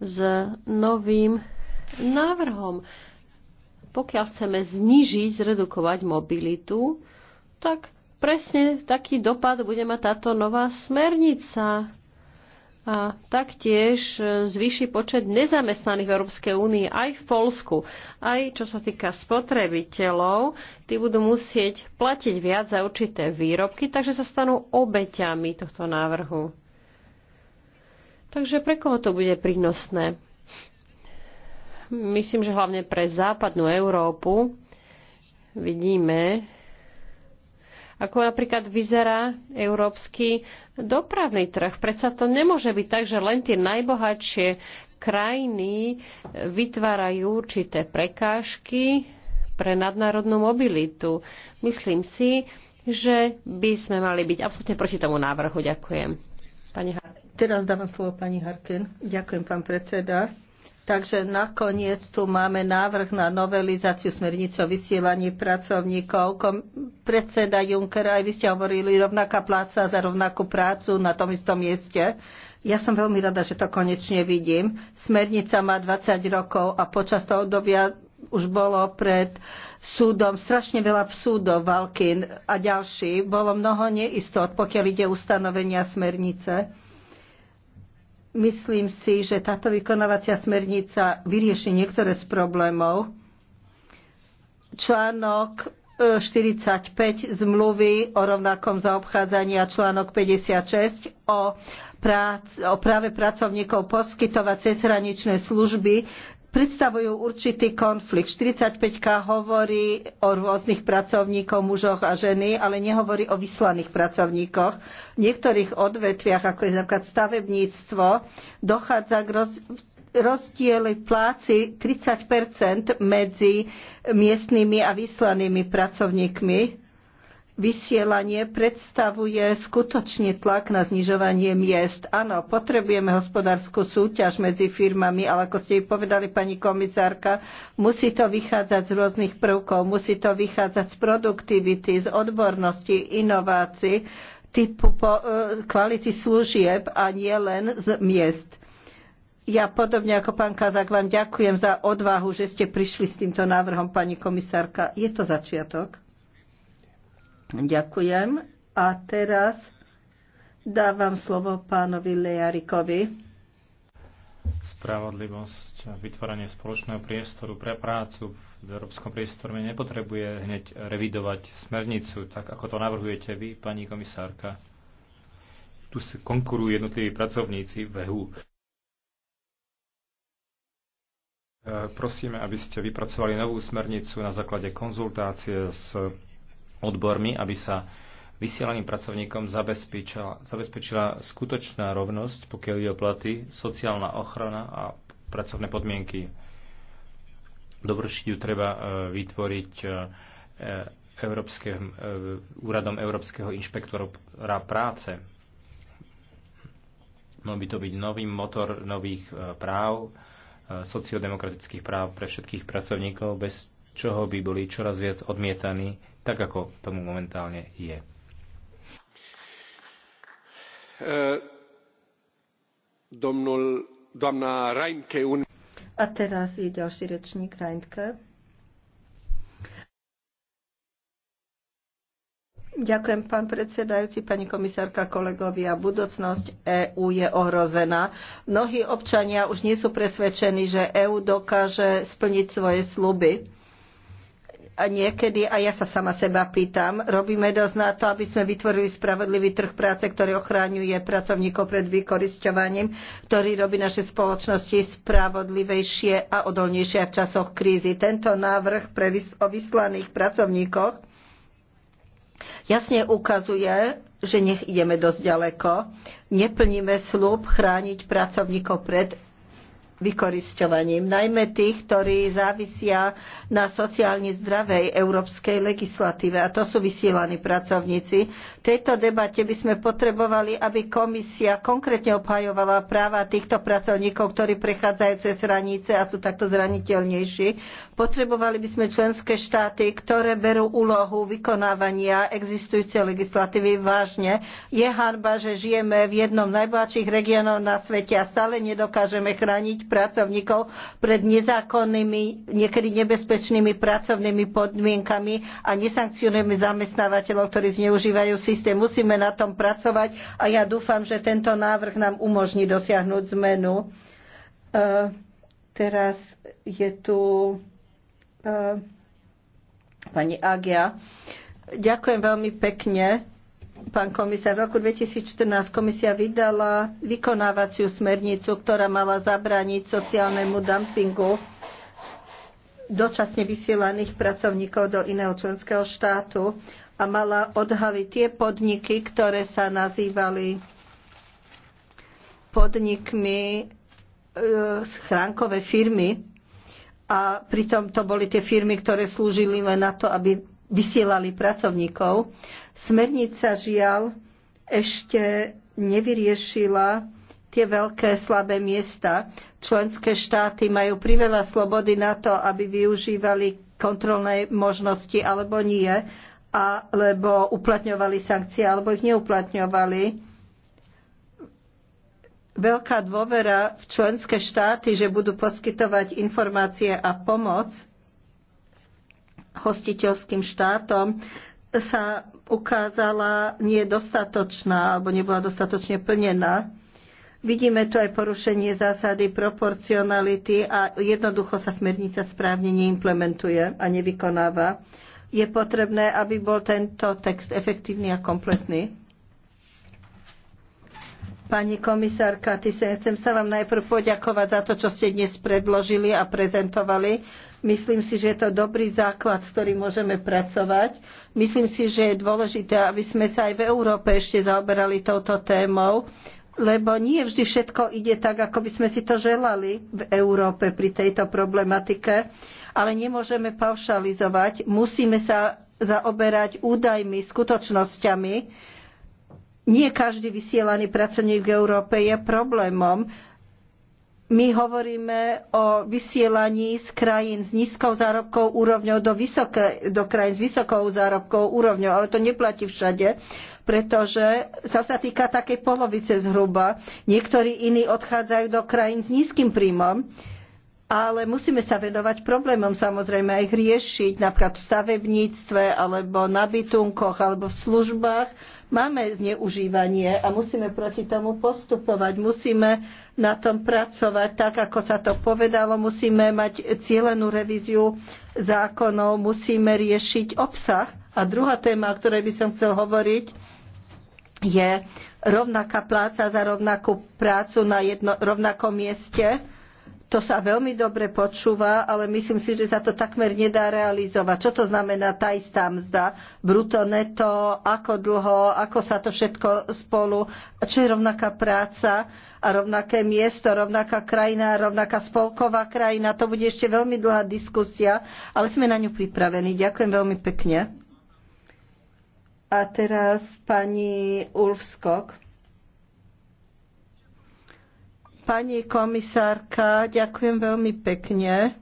s novým návrhom. Pokiaľ chceme znižiť, zredukovať mobilitu, tak presne taký dopad bude mať táto nová smernica a taktiež e, zvýši počet nezamestnaných v Európskej únii aj v Polsku. Aj čo sa týka spotrebiteľov, tí budú musieť platiť viac za určité výrobky, takže sa stanú obeťami tohto návrhu. Takže pre koho to bude prínosné? Myslím, že hlavne pre západnú Európu vidíme, ako napríklad vyzerá európsky dopravný trh. Predsa to nemôže byť tak, že len tie najbohatšie krajiny vytvárajú určité prekážky pre nadnárodnú mobilitu. Myslím si, že by sme mali byť absolútne proti tomu návrhu. Ďakujem. Pani Harkin. Teraz dávam slovo pani Harkin. Ďakujem, pán predseda. Takže nakoniec tu máme návrh na novelizáciu smernice o vysielaní pracovníkov. Predseda Junckera, aj vy ste hovorili, rovnaká pláca za rovnakú prácu na tom istom mieste. Ja som veľmi rada, že to konečne vidím. Smernica má 20 rokov a počas toho obdobia už bolo pred súdom strašne veľa súdov, Valkin a ďalší. Bolo mnoho neistot, pokiaľ ide ustanovenia smernice Myslím si, že táto vykonávacia smernica vyrieši niektoré z problémov. Článok 45 e, zmluvy o rovnakom zaobchádzaní a článok 56 o, prác, o práve pracovníkov poskytovať cezhraničné služby predstavujú určitý konflikt. 45K hovorí o rôznych pracovníkoch, mužoch a ženy, ale nehovorí o vyslaných pracovníkoch. V niektorých odvetviach, ako je napríklad stavebníctvo, dochádza k roz, rozdiel pláci 30 medzi miestnymi a vyslanými pracovníkmi vysielanie predstavuje skutočne tlak na znižovanie miest. Áno, potrebujeme hospodárskú súťaž medzi firmami, ale ako ste ju povedali, pani komisárka, musí to vychádzať z rôznych prvkov, musí to vychádzať z produktivity, z odbornosti, inovácií, typu e, kvality služieb a nie len z miest. Ja podobne ako pán Kazak vám ďakujem za odvahu, že ste prišli s týmto návrhom, pani komisárka. Je to začiatok. Ďakujem. A teraz dávam slovo pánovi Lejarikovi. Spravodlivosť a vytvorenie spoločného priestoru pre prácu v európskom priestorme nepotrebuje hneď revidovať smernicu, tak ako to navrhujete vy, pani komisárka. Tu si konkurujú jednotliví pracovníci v EU. E, prosíme, aby ste vypracovali novú smernicu na základe konzultácie s odbormi, aby sa vysielaným pracovníkom zabezpečila, zabezpečila skutočná rovnosť, pokiaľ ide o platy, sociálna ochrana a pracovné podmienky. Dobrošiť ju treba e, vytvoriť e, e, Európske, úradom Európskeho inšpektora práce. Mal by to byť nový motor nových práv, sociodemokratických práv pre všetkých pracovníkov, bez čoho by boli čoraz viac odmietaní tak ako tomu momentálne je. Eh, A teraz je ďalší rečník Reinke. Ďakujem, pán predsedajúci, pani komisárka, kolegovia. Budúcnosť EÚ je ohrozená. Mnohí občania už nie sú presvedčení, že EÚ dokáže splniť svoje sluby a niekedy, a ja sa sama seba pýtam, robíme dosť na to, aby sme vytvorili spravodlivý trh práce, ktorý ochráňuje pracovníkov pred vykorisťovaním, ktorý robí naše spoločnosti spravodlivejšie a odolnejšie v časoch krízy. Tento návrh pre vys- o vyslaných pracovníkoch jasne ukazuje, že nech ideme dosť ďaleko. Neplníme slúb chrániť pracovníkov pred vykoristovaním, najmä tých, ktorí závisia na sociálne zdravej európskej legislatíve, a to sú vysielaní pracovníci. V tejto debate by sme potrebovali, aby komisia konkrétne obhajovala práva týchto pracovníkov, ktorí prechádzajú cez hranice a sú takto zraniteľnejší. Potrebovali by sme členské štáty, ktoré berú úlohu vykonávania existujúcej legislatívy vážne. Je hanba, že žijeme v jednom najbohatších regiónov na svete a stále nedokážeme chrániť pracovníkov pred nezákonnými, niekedy nebezpečnými pracovnými podmienkami a nesankcionujeme zamestnávateľov, ktorí zneužívajú systém. Musíme na tom pracovať a ja dúfam, že tento návrh nám umožní dosiahnuť zmenu. Uh, teraz je tu uh, pani Agia. Ďakujem veľmi pekne pán komisár, v roku 2014 komisia vydala vykonávaciu smernicu, ktorá mala zabrániť sociálnemu dumpingu dočasne vysielaných pracovníkov do iného členského štátu a mala odhaliť tie podniky, ktoré sa nazývali podnikmi e, schránkové firmy a pritom to boli tie firmy, ktoré slúžili len na to, aby vysielali pracovníkov. Smernica žiaľ ešte nevyriešila tie veľké slabé miesta. Členské štáty majú priveľa slobody na to, aby využívali kontrolné možnosti alebo nie, alebo uplatňovali sankcie, alebo ich neuplatňovali. Veľká dôvera v členské štáty, že budú poskytovať informácie a pomoc hostiteľským štátom, sa ukázala nedostatočná alebo nebola dostatočne plnená. Vidíme tu aj porušenie zásady proporcionality a jednoducho sa smernica správne neimplementuje a nevykonáva. Je potrebné, aby bol tento text efektívny a kompletný. Pani komisárka, ty chcem sa vám najprv poďakovať za to, čo ste dnes predložili a prezentovali Myslím si, že je to dobrý základ, s ktorým môžeme pracovať. Myslím si, že je dôležité, aby sme sa aj v Európe ešte zaoberali touto témou, lebo nie vždy všetko ide tak, ako by sme si to želali v Európe pri tejto problematike, ale nemôžeme paušalizovať. Musíme sa zaoberať údajmi, skutočnosťami. Nie každý vysielaný pracovník v Európe je problémom my hovoríme o vysielaní z krajín s nízkou zárobkou úrovňou do, vysoké, do krajín s vysokou zárobkou úrovňou, ale to neplatí všade, pretože sa sa týka takej polovice zhruba. Niektorí iní odchádzajú do krajín s nízkym príjmom, ale musíme sa venovať problémom samozrejme aj ich riešiť, napríklad v stavebníctve, alebo na bytunkoch, alebo v službách, Máme zneužívanie a musíme proti tomu postupovať. Musíme na tom pracovať tak, ako sa to povedalo. Musíme mať cielenú revíziu zákonov, musíme riešiť obsah. A druhá téma, o ktorej by som chcel hovoriť, je rovnaká pláca za rovnakú prácu na jedno, rovnakom mieste to sa veľmi dobre počúva, ale myslím si, že sa to takmer nedá realizovať. Čo to znamená tá istá mzda, bruto neto, ako dlho, ako sa to všetko spolu, čo je rovnaká práca a rovnaké miesto, rovnaká krajina, rovnaká spolková krajina. To bude ešte veľmi dlhá diskusia, ale sme na ňu pripravení. Ďakujem veľmi pekne. A teraz pani Ulfskok. Pani komisárka, ďakujem veľmi pekne.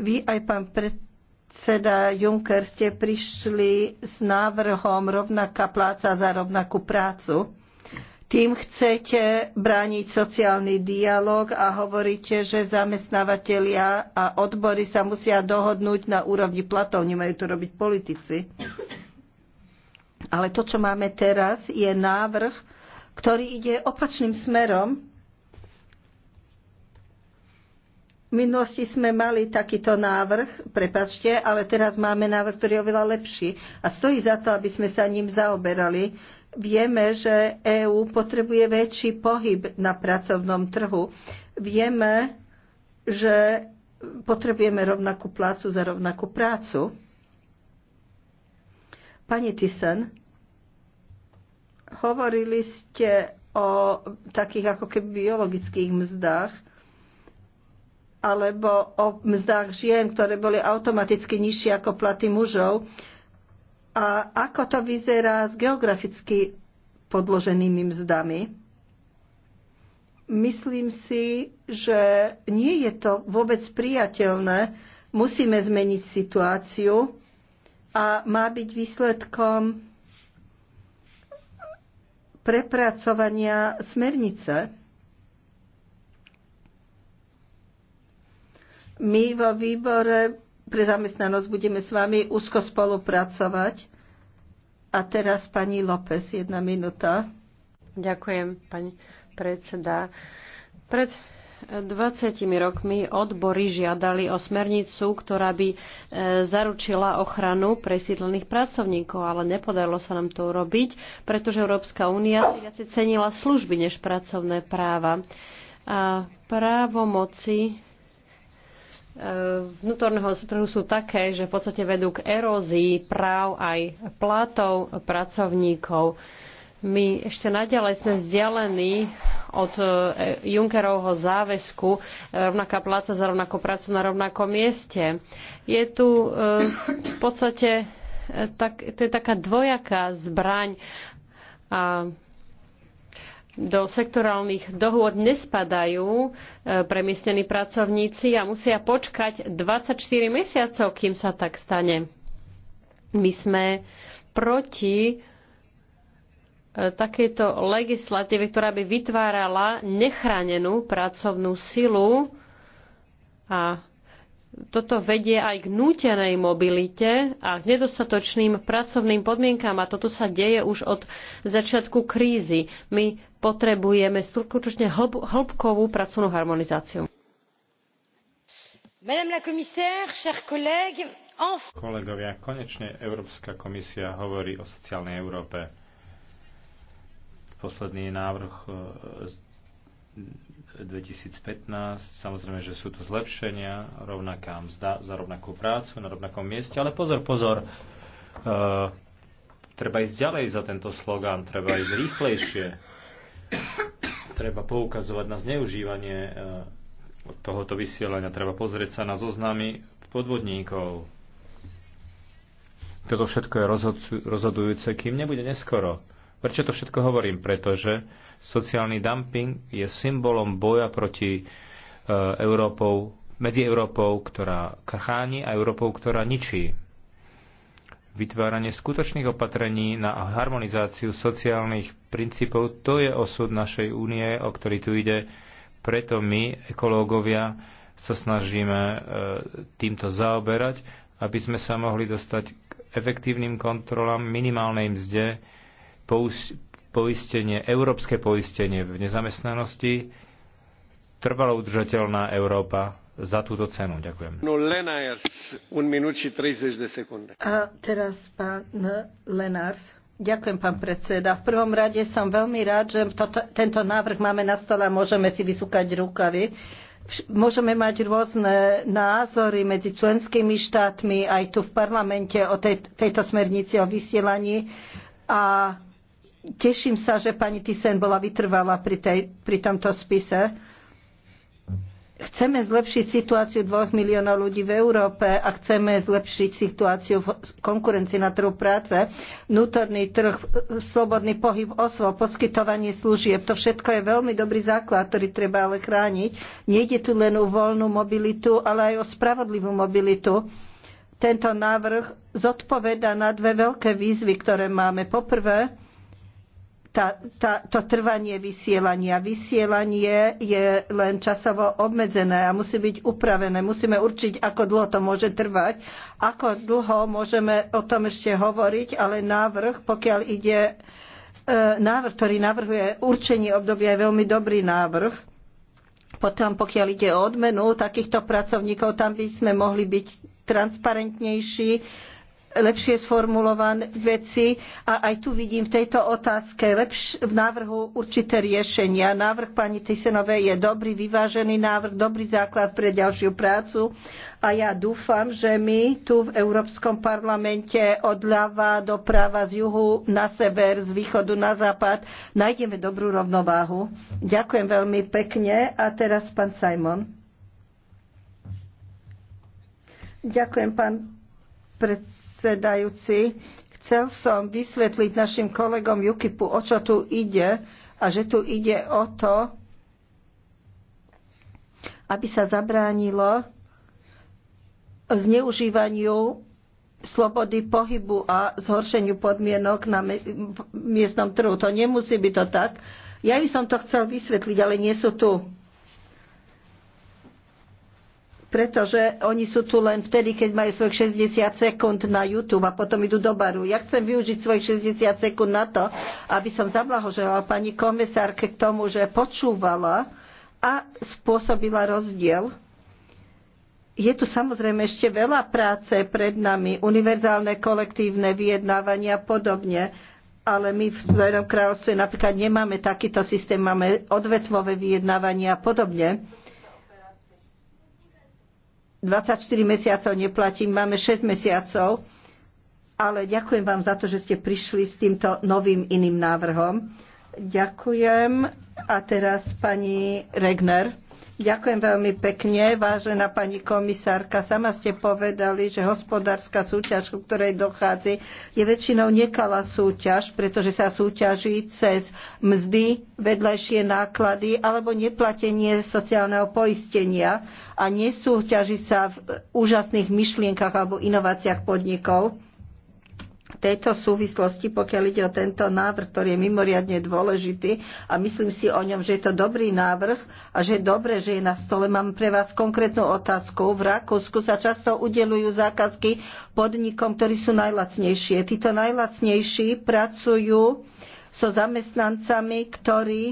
Vy aj pán predseda Juncker ste prišli s návrhom rovnaká pláca za rovnakú prácu. Tým chcete brániť sociálny dialog a hovoríte, že zamestnávateľia a odbory sa musia dohodnúť na úrovni platov, nemajú to robiť politici. Ale to, čo máme teraz, je návrh, ktorý ide opačným smerom V minulosti sme mali takýto návrh, prepačte, ale teraz máme návrh, ktorý je oveľa lepší a stojí za to, aby sme sa ním zaoberali. Vieme, že EÚ potrebuje väčší pohyb na pracovnom trhu. Vieme, že potrebujeme rovnakú plácu za rovnakú prácu. Pani Tyson, hovorili ste o takých ako keby biologických mzdách alebo o mzdách žien, ktoré boli automaticky nižšie ako platy mužov. A ako to vyzerá s geograficky podloženými mzdami? Myslím si, že nie je to vôbec priateľné. Musíme zmeniť situáciu a má byť výsledkom prepracovania smernice My vo výbore pre zamestnanosť budeme s vami úzko spolupracovať. A teraz pani López, jedna minúta. Ďakujem, pani predseda. Pred 20 rokmi odbory žiadali o smernicu, ktorá by e, zaručila ochranu presídlených pracovníkov, ale nepodarilo sa nám to urobiť, pretože Európska únia si viac cenila služby než pracovné práva. A právomoci vnútorného trhu sú také, že v podstate vedú k erózii práv aj platov pracovníkov. My ešte naďalej sme vzdialení od e, Junckerovho záväzku rovnaká pláca za rovnakú prácu na rovnakom mieste. Je tu e, v podstate e, tak, to je taká dvojaká zbraň a do sektorálnych dohôd nespadajú e, premiestnení pracovníci a musia počkať 24 mesiacov, kým sa tak stane. My sme proti e, takejto legislatíve, ktorá by vytvárala nechránenú pracovnú silu a toto vedie aj k nútenej mobilite a k nedostatočným pracovným podmienkám a toto sa deje už od začiatku krízy. My potrebujeme skutočne hlb, hĺbkovú pracovnú harmonizáciu. Madame la commissaire, chers collègues, en... Kolegovia, konečne Európska komisia hovorí o sociálnej Európe. Posledný návrh e, 2015. Samozrejme, že sú tu zlepšenia, rovnaká mzda za rovnakú prácu na rovnakom mieste, ale pozor, pozor, e, treba ísť ďalej za tento slogán, treba ísť rýchlejšie, treba poukazovať na zneužívanie e, tohoto vysielania, treba pozrieť sa na zoznamy podvodníkov. Toto všetko je rozhodujúce, kým nebude neskoro. Prečo to všetko hovorím? Pretože Sociálny dumping je symbolom boja proti e, Európou, medzi Európou, ktorá krcháni a Európou, ktorá ničí. Vytváranie skutočných opatrení na harmonizáciu sociálnych princípov, to je osud našej únie, o ktorý tu ide. Preto my, ekológovia, sa snažíme e, týmto zaoberať, aby sme sa mohli dostať k efektívnym kontrolám minimálnej mzde, poistenie, európske poistenie v nezamestnanosti, trvalo udržateľná Európa za túto cenu. Ďakujem. No Lenárs, un minúči 30 sekunde. A teraz pán Lenárs. Ďakujem, pán predseda. V prvom rade som veľmi rád, že toto, tento návrh máme na stole a môžeme si vysúkať rukavy. Môžeme mať rôzne názory medzi členskými štátmi aj tu v parlamente o tej, tejto smernici o vysielaní a teším sa, že pani Tysen bola vytrvala pri, tej, pri tomto spise. Chceme zlepšiť situáciu dvoch miliónov ľudí v Európe a chceme zlepšiť situáciu v konkurencii na trhu práce, vnútorný trh, slobodný pohyb osvo, poskytovanie služieb. To všetko je veľmi dobrý základ, ktorý treba ale chrániť. Nejde tu len o voľnú mobilitu, ale aj o spravodlivú mobilitu tento návrh zodpoveda na dve veľké výzvy, ktoré máme. Poprvé, tá, tá, to trvanie vysielania. Vysielanie je len časovo obmedzené a musí byť upravené. Musíme určiť, ako dlho to môže trvať, ako dlho môžeme o tom ešte hovoriť, ale návrh, pokiaľ ide e, návrh, ktorý navrhuje určenie obdobia, je veľmi dobrý návrh. Potom, pokiaľ ide o odmenu takýchto pracovníkov, tam by sme mohli byť transparentnejší, lepšie sformulované veci a aj tu vidím v tejto otázke lepš- v návrhu určité riešenia. Návrh pani Tysenovej je dobrý, vyvážený návrh, dobrý základ pre ďalšiu prácu a ja dúfam, že my tu v Európskom parlamente od ľava do prava, z juhu na sever, z východu na západ nájdeme dobrú rovnováhu. Ďakujem veľmi pekne a teraz pán Simon. Ďakujem, pán predsedajúci predsedajúci. Chcel som vysvetliť našim kolegom Jukipu, o čo tu ide a že tu ide o to, aby sa zabránilo zneužívaniu slobody pohybu a zhoršeniu podmienok na miestnom trhu. To nemusí byť to tak. Ja by som to chcel vysvetliť, ale nie sú tu pretože oni sú tu len vtedy, keď majú svojich 60 sekúnd na YouTube a potom idú do baru. Ja chcem využiť svojich 60 sekúnd na to, aby som zablahoželala pani komisárke k tomu, že počúvala a spôsobila rozdiel. Je tu samozrejme ešte veľa práce pred nami, univerzálne kolektívne vyjednávania a podobne, ale my v Spojenom kráľovstve napríklad nemáme takýto systém, máme odvetvové vyjednávania a podobne. 24 mesiacov neplatím, máme 6 mesiacov, ale ďakujem vám za to, že ste prišli s týmto novým iným návrhom. Ďakujem. A teraz pani Regner. Ďakujem veľmi pekne, vážená pani komisárka. Sama ste povedali, že hospodárska súťaž, ku ktorej dochádza, je väčšinou nekalá súťaž, pretože sa súťaží cez mzdy, vedľajšie náklady alebo neplatenie sociálneho poistenia a nesúťaží sa v úžasných myšlienkach alebo inováciách podnikov tejto súvislosti, pokiaľ ide o tento návrh, ktorý je mimoriadne dôležitý a myslím si o ňom, že je to dobrý návrh a že je dobre, že je na stole. Mám pre vás konkrétnu otázku. V Rakúsku sa často udelujú zákazky podnikom, ktorí sú najlacnejšie. Títo najlacnejší pracujú so zamestnancami, ktorí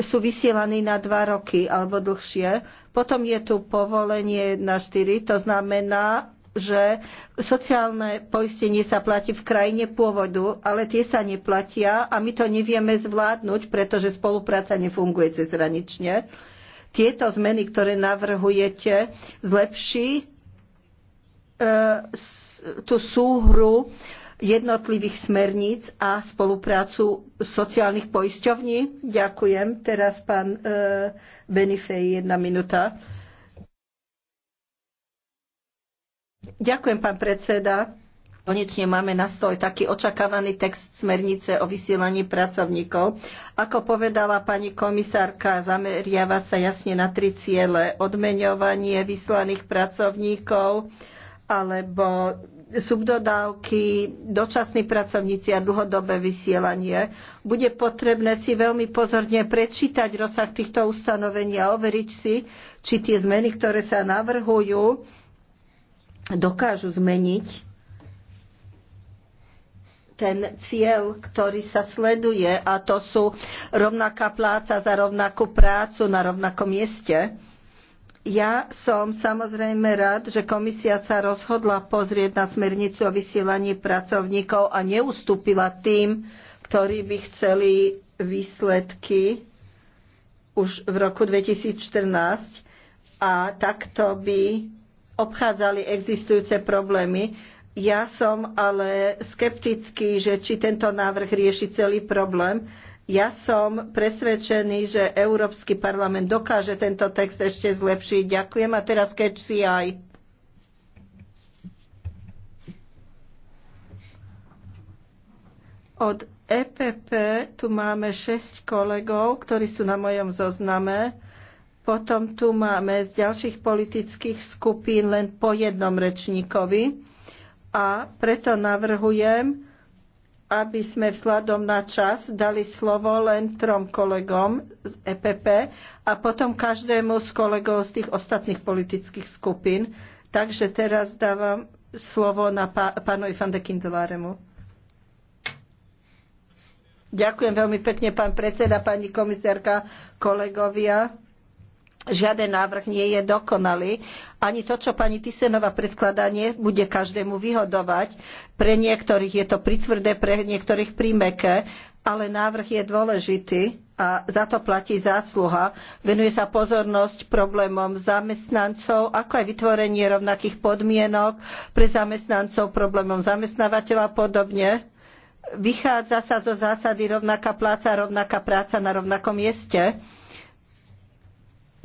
sú vysielaní na dva roky alebo dlhšie. Potom je tu povolenie na štyri, to znamená že sociálne poistenie sa platí v krajine pôvodu, ale tie sa neplatia a my to nevieme zvládnuť, pretože spolupráca nefunguje cezhranične. Tieto zmeny, ktoré navrhujete, zlepší e, tú súhru jednotlivých smerníc a spoluprácu sociálnych poisťovní. Ďakujem. Teraz pán e, Benifej, jedna minúta. Ďakujem, pán predseda. Konečne máme na stole taký očakávaný text smernice o vysielaní pracovníkov. Ako povedala pani komisárka, zameriava sa jasne na tri ciele. Odmeňovanie vyslaných pracovníkov alebo subdodávky, dočasní pracovníci a dlhodobé vysielanie. Bude potrebné si veľmi pozorne prečítať rozsah týchto ustanovení a overiť si, či tie zmeny, ktoré sa navrhujú, dokážu zmeniť ten cieľ, ktorý sa sleduje a to sú rovnaká pláca za rovnakú prácu na rovnakom mieste. Ja som samozrejme rád, že komisia sa rozhodla pozrieť na smernicu o vysielaní pracovníkov a neustúpila tým, ktorí by chceli výsledky už v roku 2014 a takto by obchádzali existujúce problémy. Ja som ale skeptický, že či tento návrh rieši celý problém. Ja som presvedčený, že Európsky parlament dokáže tento text ešte zlepšiť. Ďakujem a teraz keď si aj. Od EPP tu máme 6 kolegov, ktorí sú na mojom zozname. Potom tu máme z ďalších politických skupín len po jednom rečníkovi a preto navrhujem, aby sme vzhľadom na čas dali slovo len trom kolegom z EPP a potom každému z kolegov z tých ostatných politických skupín. Takže teraz dávam slovo na pánovi van de Kindeláremu. Ďakujem veľmi pekne, pán predseda, pani komisárka, kolegovia žiaden návrh nie je dokonalý. Ani to, čo pani Tisenová predkladá, nebude každému vyhodovať. Pre niektorých je to pritvrdé, pre niektorých prímeké, ale návrh je dôležitý a za to platí zásluha. Venuje sa pozornosť problémom zamestnancov, ako aj vytvorenie rovnakých podmienok pre zamestnancov, problémom zamestnávateľa a podobne. Vychádza sa zo zásady rovnaká pláca, rovnaká práca na rovnakom mieste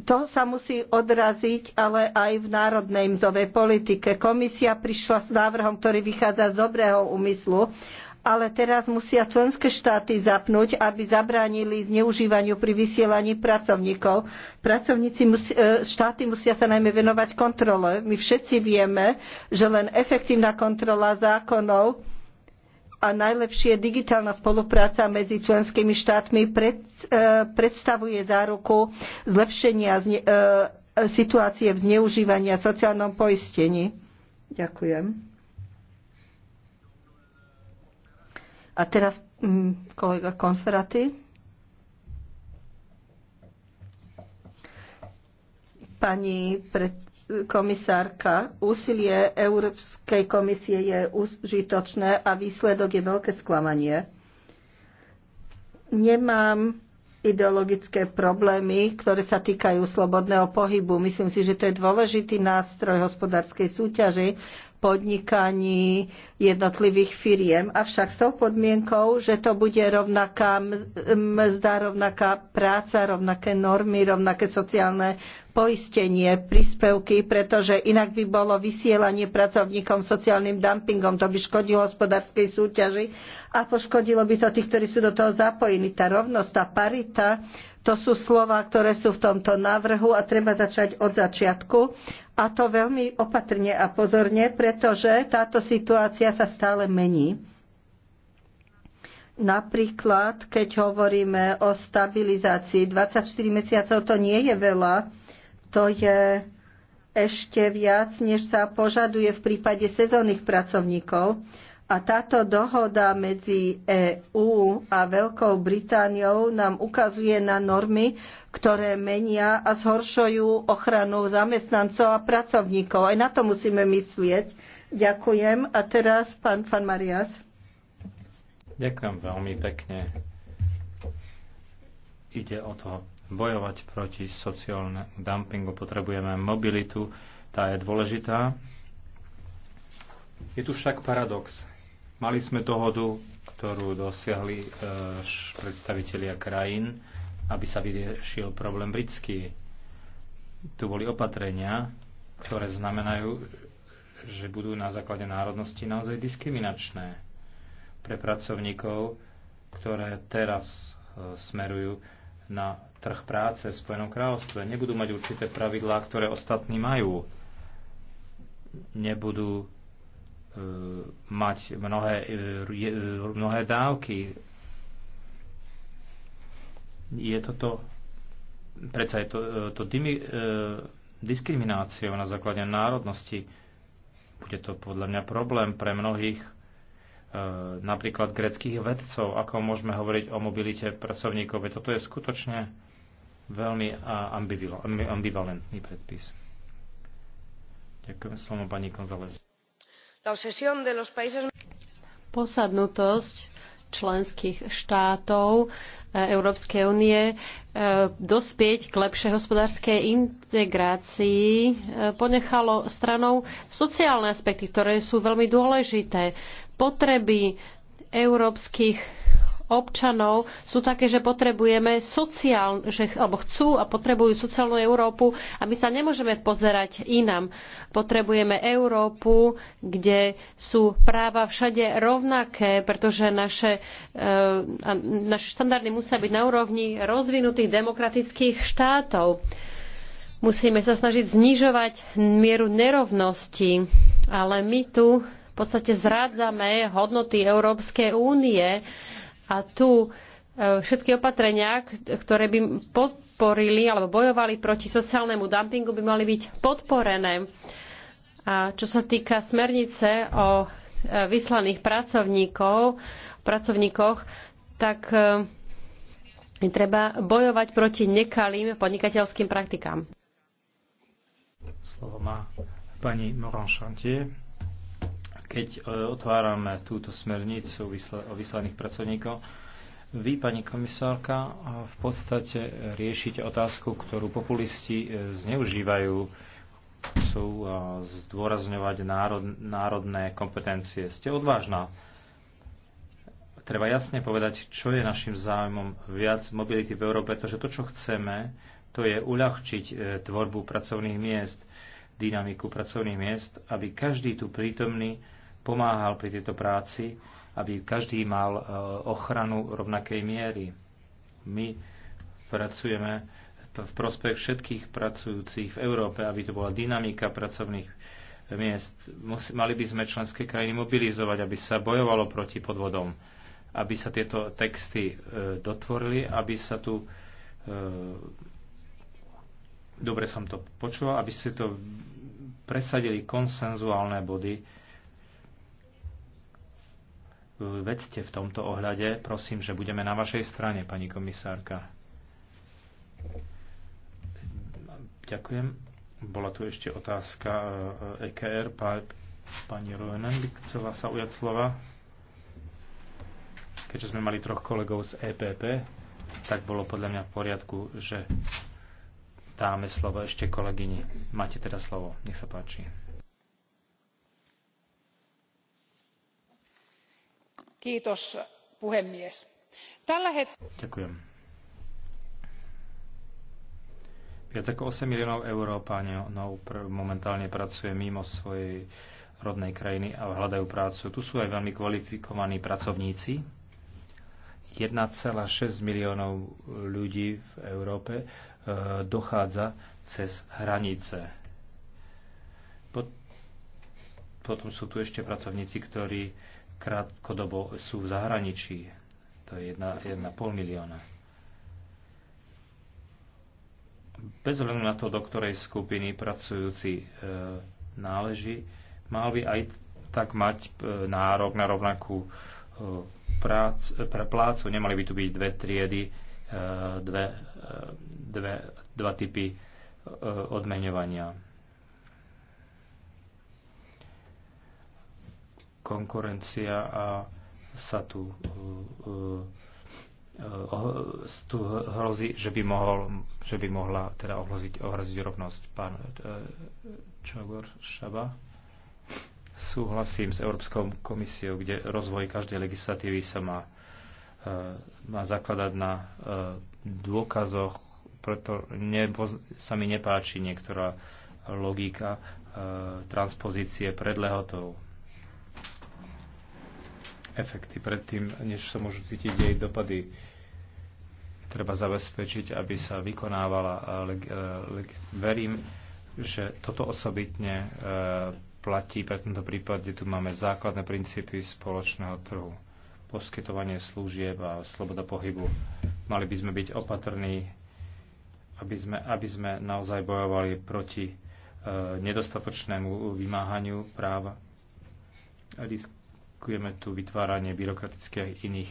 to sa musí odraziť ale aj v národnej mzdovej politike. Komisia prišla s návrhom, ktorý vychádza z dobrého úmyslu, ale teraz musia členské štáty zapnúť, aby zabránili zneužívaniu pri vysielaní pracovníkov. Pracovníci musí, e, štáty musia sa najmä venovať kontrole. My všetci vieme, že len efektívna kontrola zákonov a najlepšie digitálna spolupráca medzi členskými štátmi e, predstavuje záruku zlepšenia e, situácie v zneužívaní a sociálnom poistení. Ďakujem. A teraz mm, kolega Konferaty. Pani pred komisárka, úsilie Európskej komisie je užitočné a výsledok je veľké sklamanie. Nemám ideologické problémy, ktoré sa týkajú slobodného pohybu. Myslím si, že to je dôležitý nástroj hospodárskej súťaži, podnikaní jednotlivých firiem. Avšak s tou podmienkou, že to bude rovnaká mzda, rovnaká práca, rovnaké normy, rovnaké sociálne poistenie, príspevky, pretože inak by bolo vysielanie pracovníkom sociálnym dumpingom. To by škodilo hospodárskej súťaži a poškodilo by to tých, ktorí sú do toho zapojení. Tá rovnosť, tá parita, to sú slova, ktoré sú v tomto návrhu a treba začať od začiatku a to veľmi opatrne a pozorne, pretože táto situácia sa stále mení. Napríklad, keď hovoríme o stabilizácii, 24 mesiacov to nie je veľa, to je ešte viac, než sa požaduje v prípade sezónnych pracovníkov. A táto dohoda medzi EÚ a Veľkou Britániou nám ukazuje na normy, ktoré menia a zhoršujú ochranu zamestnancov a pracovníkov. Aj na to musíme myslieť. Ďakujem. A teraz pán Fan Marias. Ďakujem veľmi pekne. Ide o to bojovať proti sociálnemu dumpingu. Potrebujeme mobilitu. Tá je dôležitá. Je tu však paradox Mali sme dohodu, ktorú dosiahli e, predstavitelia krajín, aby sa vyriešil problém britský. Tu boli opatrenia, ktoré znamenajú, že budú na základe národnosti naozaj diskriminačné pre pracovníkov, ktoré teraz e, smerujú na trh práce v Spojenom kráľovstve. Nebudú mať určité pravidlá, ktoré ostatní majú. Nebudú E, mať mnohé, e, e, mnohé dávky. Je toto, predsa je to, to dimi, diskrimináciou na základe národnosti. Bude to podľa mňa problém pre mnohých napríklad greckých vedcov, ako môžeme hovoriť o mobilite pracovníkov. toto je skutočne veľmi ambivalentný predpis. Ďakujem slovo pani Konzalez. Posadnutosť členských štátov eh, Európskej únie eh, dospieť k lepšej hospodárskej integrácii eh, ponechalo stranou sociálne aspekty, ktoré sú veľmi dôležité. Potreby európskych občanov sú také, že potrebujeme sociálnu, že, alebo chcú a potrebujú sociálnu Európu a my sa nemôžeme pozerať inam. Potrebujeme Európu, kde sú práva všade rovnaké, pretože naše, e, naše štandardy musia byť na úrovni rozvinutých demokratických štátov. Musíme sa snažiť znižovať mieru nerovnosti, ale my tu v podstate zrádzame hodnoty Európskej únie, a tu e, všetky opatrenia, ktoré by podporili alebo bojovali proti sociálnemu dumpingu, by mali byť podporené. A čo sa týka smernice o e, vyslaných pracovníkov, pracovníkoch, tak e, treba bojovať proti nekalým podnikateľským praktikám. Slovo má pani Moran Chantier keď e, otvárame túto smernicu o vyslaných pracovníkov, vy, pani komisárka, e, v podstate e, riešite otázku, ktorú populisti zneužívajú, chcú zdôrazňovať národ, národné kompetencie. Ste odvážna. Treba jasne povedať, čo je našim záujmom viac mobility v Európe, pretože to, čo chceme, to je uľahčiť tvorbu pracovných miest, dynamiku pracovných miest, aby každý tu prítomný pomáhal pri tejto práci, aby každý mal e, ochranu rovnakej miery. My pracujeme v prospech všetkých pracujúcich v Európe, aby to bola dynamika pracovných miest. Mali by sme členské krajiny mobilizovať, aby sa bojovalo proti podvodom, aby sa tieto texty e, dotvorili, aby sa tu e, dobre som to počúval, aby ste to presadili konsenzuálne body, vedzte v tomto ohľade. Prosím, že budeme na vašej strane, pani komisárka. Ďakujem. Bola tu ešte otázka EKR. Eh, e pani Ruenen by chcela sa ujať slova. Keďže sme mali troch kolegov z EPP, tak bolo podľa mňa v poriadku, že dáme slovo ešte kolegyni. Máte teda slovo. Nech sa páči. arvoisa puhemies tällä hetkellä. viac ako 8 miliónov európanov momentálne pracuje mimo svojej rodnej krajiny a hľadajú prácu. Tu sú aj veľmi kvalifikovaní pracovníci. 1,6 miliónov ľudí v Európe e, dochádza cez hranice. Potom sú tu ešte pracovníci, ktorí krátkodobo sú v zahraničí. To je 1,5 milióna. Bez hľadu na to, do ktorej skupiny pracujúci e, náleží, mal by aj tak mať e, nárok na rovnakú e, prác, e, Nemali by tu byť dve triedy, e, dve, e, dve, dva typy e, odmeňovania konkurencia a sa tu, e, e, tu hrozí, že by, mohol, že by mohla teda ohroziť, ohroziť rovnosť. Pán e, Čogor Šaba. Súhlasím s Európskou komisiou, kde rozvoj každej legislatívy sa má, má zakladať na dôkazoch, preto nepoz, sa mi nepáči niektorá logika transpozície pred lehotou efekty predtým, než sa môžu cítiť jej dopady. Treba zabezpečiť, aby sa vykonávala. Eh, eh, verím, že toto osobitne eh, platí pre tento prípad, kde tu máme základné princípy spoločného trhu. Poskytovanie služieb a sloboda pohybu. Mali by sme byť opatrní, aby sme, aby sme naozaj bojovali proti e, nedostatočnému vymáhaniu práva. Risk riskujeme tu vytváranie byrokratických iných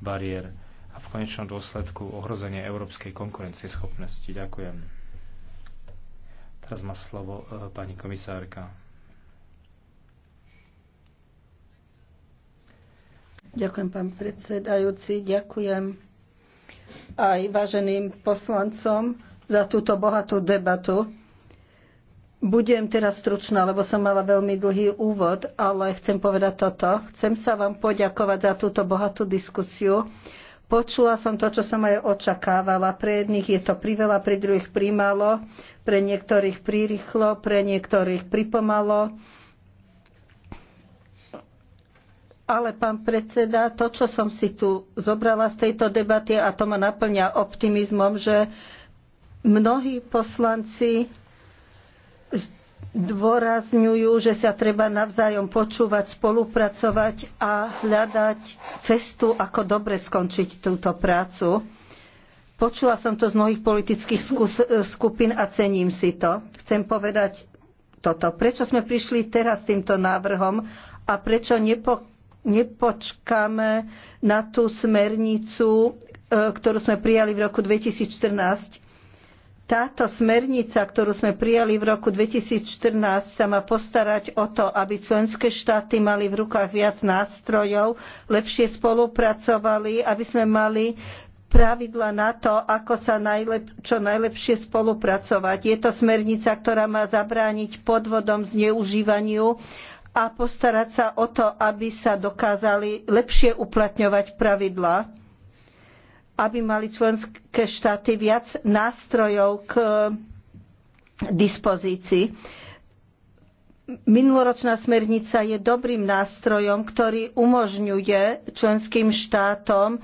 bariér a v konečnom dôsledku ohrozenie európskej konkurencieschopnosti. Ďakujem. Teraz má slovo e, pani komisárka. Ďakujem, pán predsedajúci. Ďakujem aj váženým poslancom za túto bohatú debatu. Budem teraz stručná, lebo som mala veľmi dlhý úvod, ale chcem povedať toto. Chcem sa vám poďakovať za túto bohatú diskusiu. Počula som to, čo som aj očakávala. Pre jedných je to priveľa, pre druhých primalo, pre niektorých prirýchlo, pre niektorých pripomalo. Ale pán predseda, to, čo som si tu zobrala z tejto debaty a to ma naplňa optimizmom, že mnohí poslanci zdôrazňujú, že sa treba navzájom počúvať, spolupracovať a hľadať cestu, ako dobre skončiť túto prácu. Počula som to z mnohých politických skupín a cením si to. Chcem povedať toto. Prečo sme prišli teraz s týmto návrhom a prečo nepo, nepočkáme na tú smernicu, e, ktorú sme prijali v roku 2014? Táto smernica, ktorú sme prijali v roku 2014, sa má postarať o to, aby členské štáty mali v rukách viac nástrojov, lepšie spolupracovali, aby sme mali pravidla na to, ako sa najlep, čo najlepšie spolupracovať. Je to smernica, ktorá má zabrániť podvodom, zneužívaniu a postarať sa o to, aby sa dokázali lepšie uplatňovať pravidlá aby mali členské štáty viac nástrojov k eh, dispozícii. Minuloročná smernica je dobrým nástrojom, ktorý umožňuje členským štátom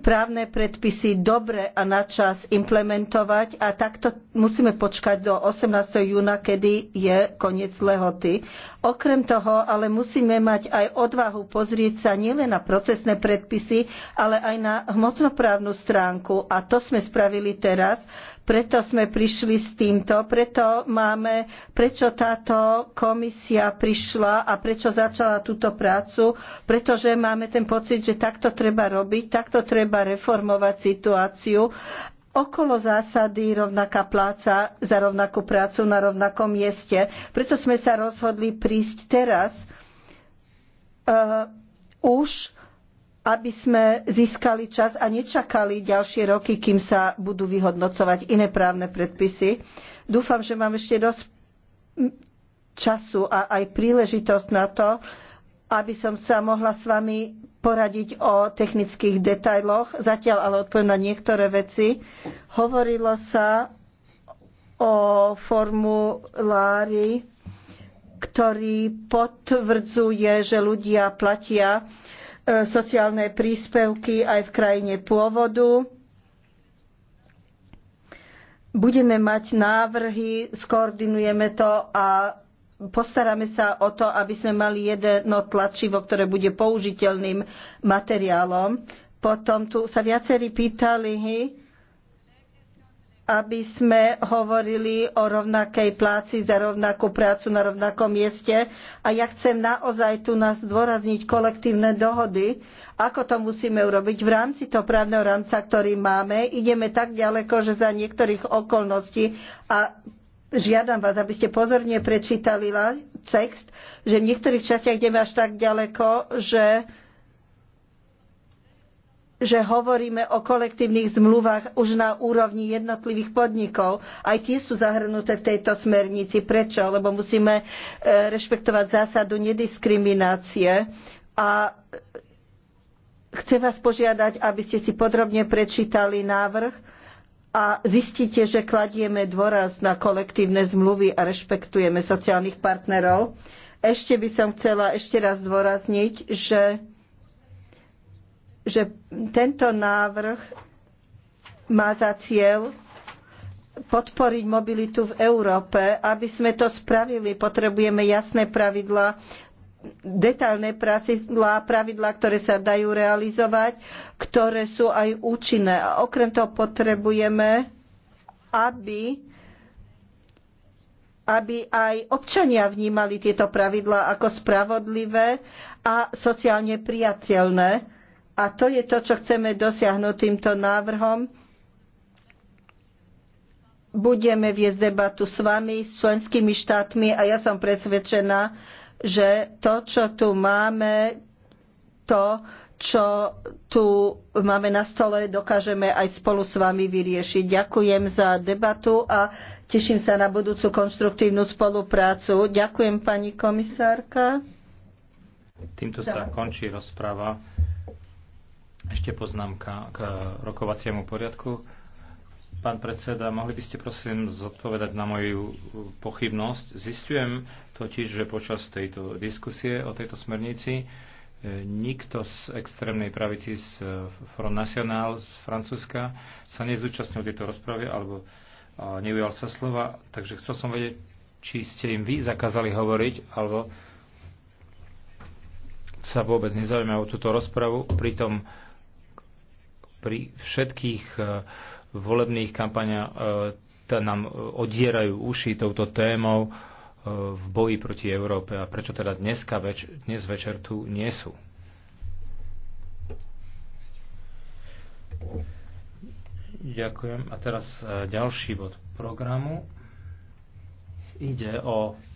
právne predpisy dobre a načas implementovať a takto musíme počkať do 18. júna, kedy je koniec lehoty. Okrem toho ale musíme mať aj odvahu pozrieť sa nielen na procesné predpisy, ale aj na hmotnoprávnu stránku a to sme spravili teraz, preto sme prišli s týmto, preto máme, prečo táto komisia prišla a prečo začala túto prácu, pretože máme ten pocit, že takto treba robiť, takto preto treba reformovať situáciu okolo zásady rovnaká pláca za rovnakú prácu na rovnakom mieste. Preto sme sa rozhodli prísť teraz uh, už, aby sme získali čas a nečakali ďalšie roky, kým sa budú vyhodnocovať iné právne predpisy. Dúfam, že mám ešte dosť času a aj príležitosť na to, aby som sa mohla s vami poradiť o technických detailoch. Zatiaľ ale odpoviem na niektoré veci. Hovorilo sa o formulári, ktorý potvrdzuje, že ľudia platia e, sociálne príspevky aj v krajine pôvodu. Budeme mať návrhy, skoordinujeme to a postaráme sa o to, aby sme mali jedno tlačivo, ktoré bude použiteľným materiálom. Potom tu sa viacerí pýtali, aby sme hovorili o rovnakej pláci za rovnakú prácu na rovnakom mieste. A ja chcem naozaj tu nás zdôrazniť kolektívne dohody, ako to musíme urobiť v rámci toho právneho rámca, ktorý máme. Ideme tak ďaleko, že za niektorých okolností a žiadam vás, aby ste pozorne prečítali text, že v niektorých častiach ideme až tak ďaleko, že že hovoríme o kolektívnych zmluvách už na úrovni jednotlivých podnikov. Aj tie sú zahrnuté v tejto smernici. Prečo? Lebo musíme e, rešpektovať zásadu nediskriminácie. A chcem vás požiadať, aby ste si podrobne prečítali návrh a zistíte, že kladieme dôraz na kolektívne zmluvy a rešpektujeme sociálnych partnerov. Ešte by som chcela ešte raz dôrazniť, že, že tento návrh má za cieľ podporiť mobilitu v Európe. Aby sme to spravili, potrebujeme jasné pravidlá detailné pravidlá, pravidlá, ktoré sa dajú realizovať, ktoré sú aj účinné. A okrem toho potrebujeme, aby aby aj občania vnímali tieto pravidlá ako spravodlivé a sociálne prijateľné. A to je to, čo chceme dosiahnuť týmto návrhom. Budeme viesť debatu s vami, s členskými štátmi a ja som presvedčená, že to, čo tu máme, to, čo tu máme na stole, dokážeme aj spolu s vami vyriešiť. Ďakujem za debatu a teším sa na budúcu konštruktívnu spoluprácu. Ďakujem, pani komisárka. Týmto sa končí rozpráva. Ešte poznámka k e, rokovaciemu poriadku. Pán predseda, mohli by ste prosím zodpovedať na moju pochybnosť. Zistujem, totiž, že počas tejto diskusie o tejto smernici e, nikto z extrémnej pravici z e, Front National z Francúzska sa nezúčastnil tejto rozprave alebo neujal sa slova. Takže chcel som vedieť, či ste im vy zakázali hovoriť alebo sa vôbec nezaujímajú o túto rozpravu. Pritom pri všetkých e, volebných kampaniach nám odierajú uši touto témou v boji proti Európe a prečo teda dneska več, dnes večer tu nie sú. Ďakujem. A teraz e, ďalší bod programu. Ide o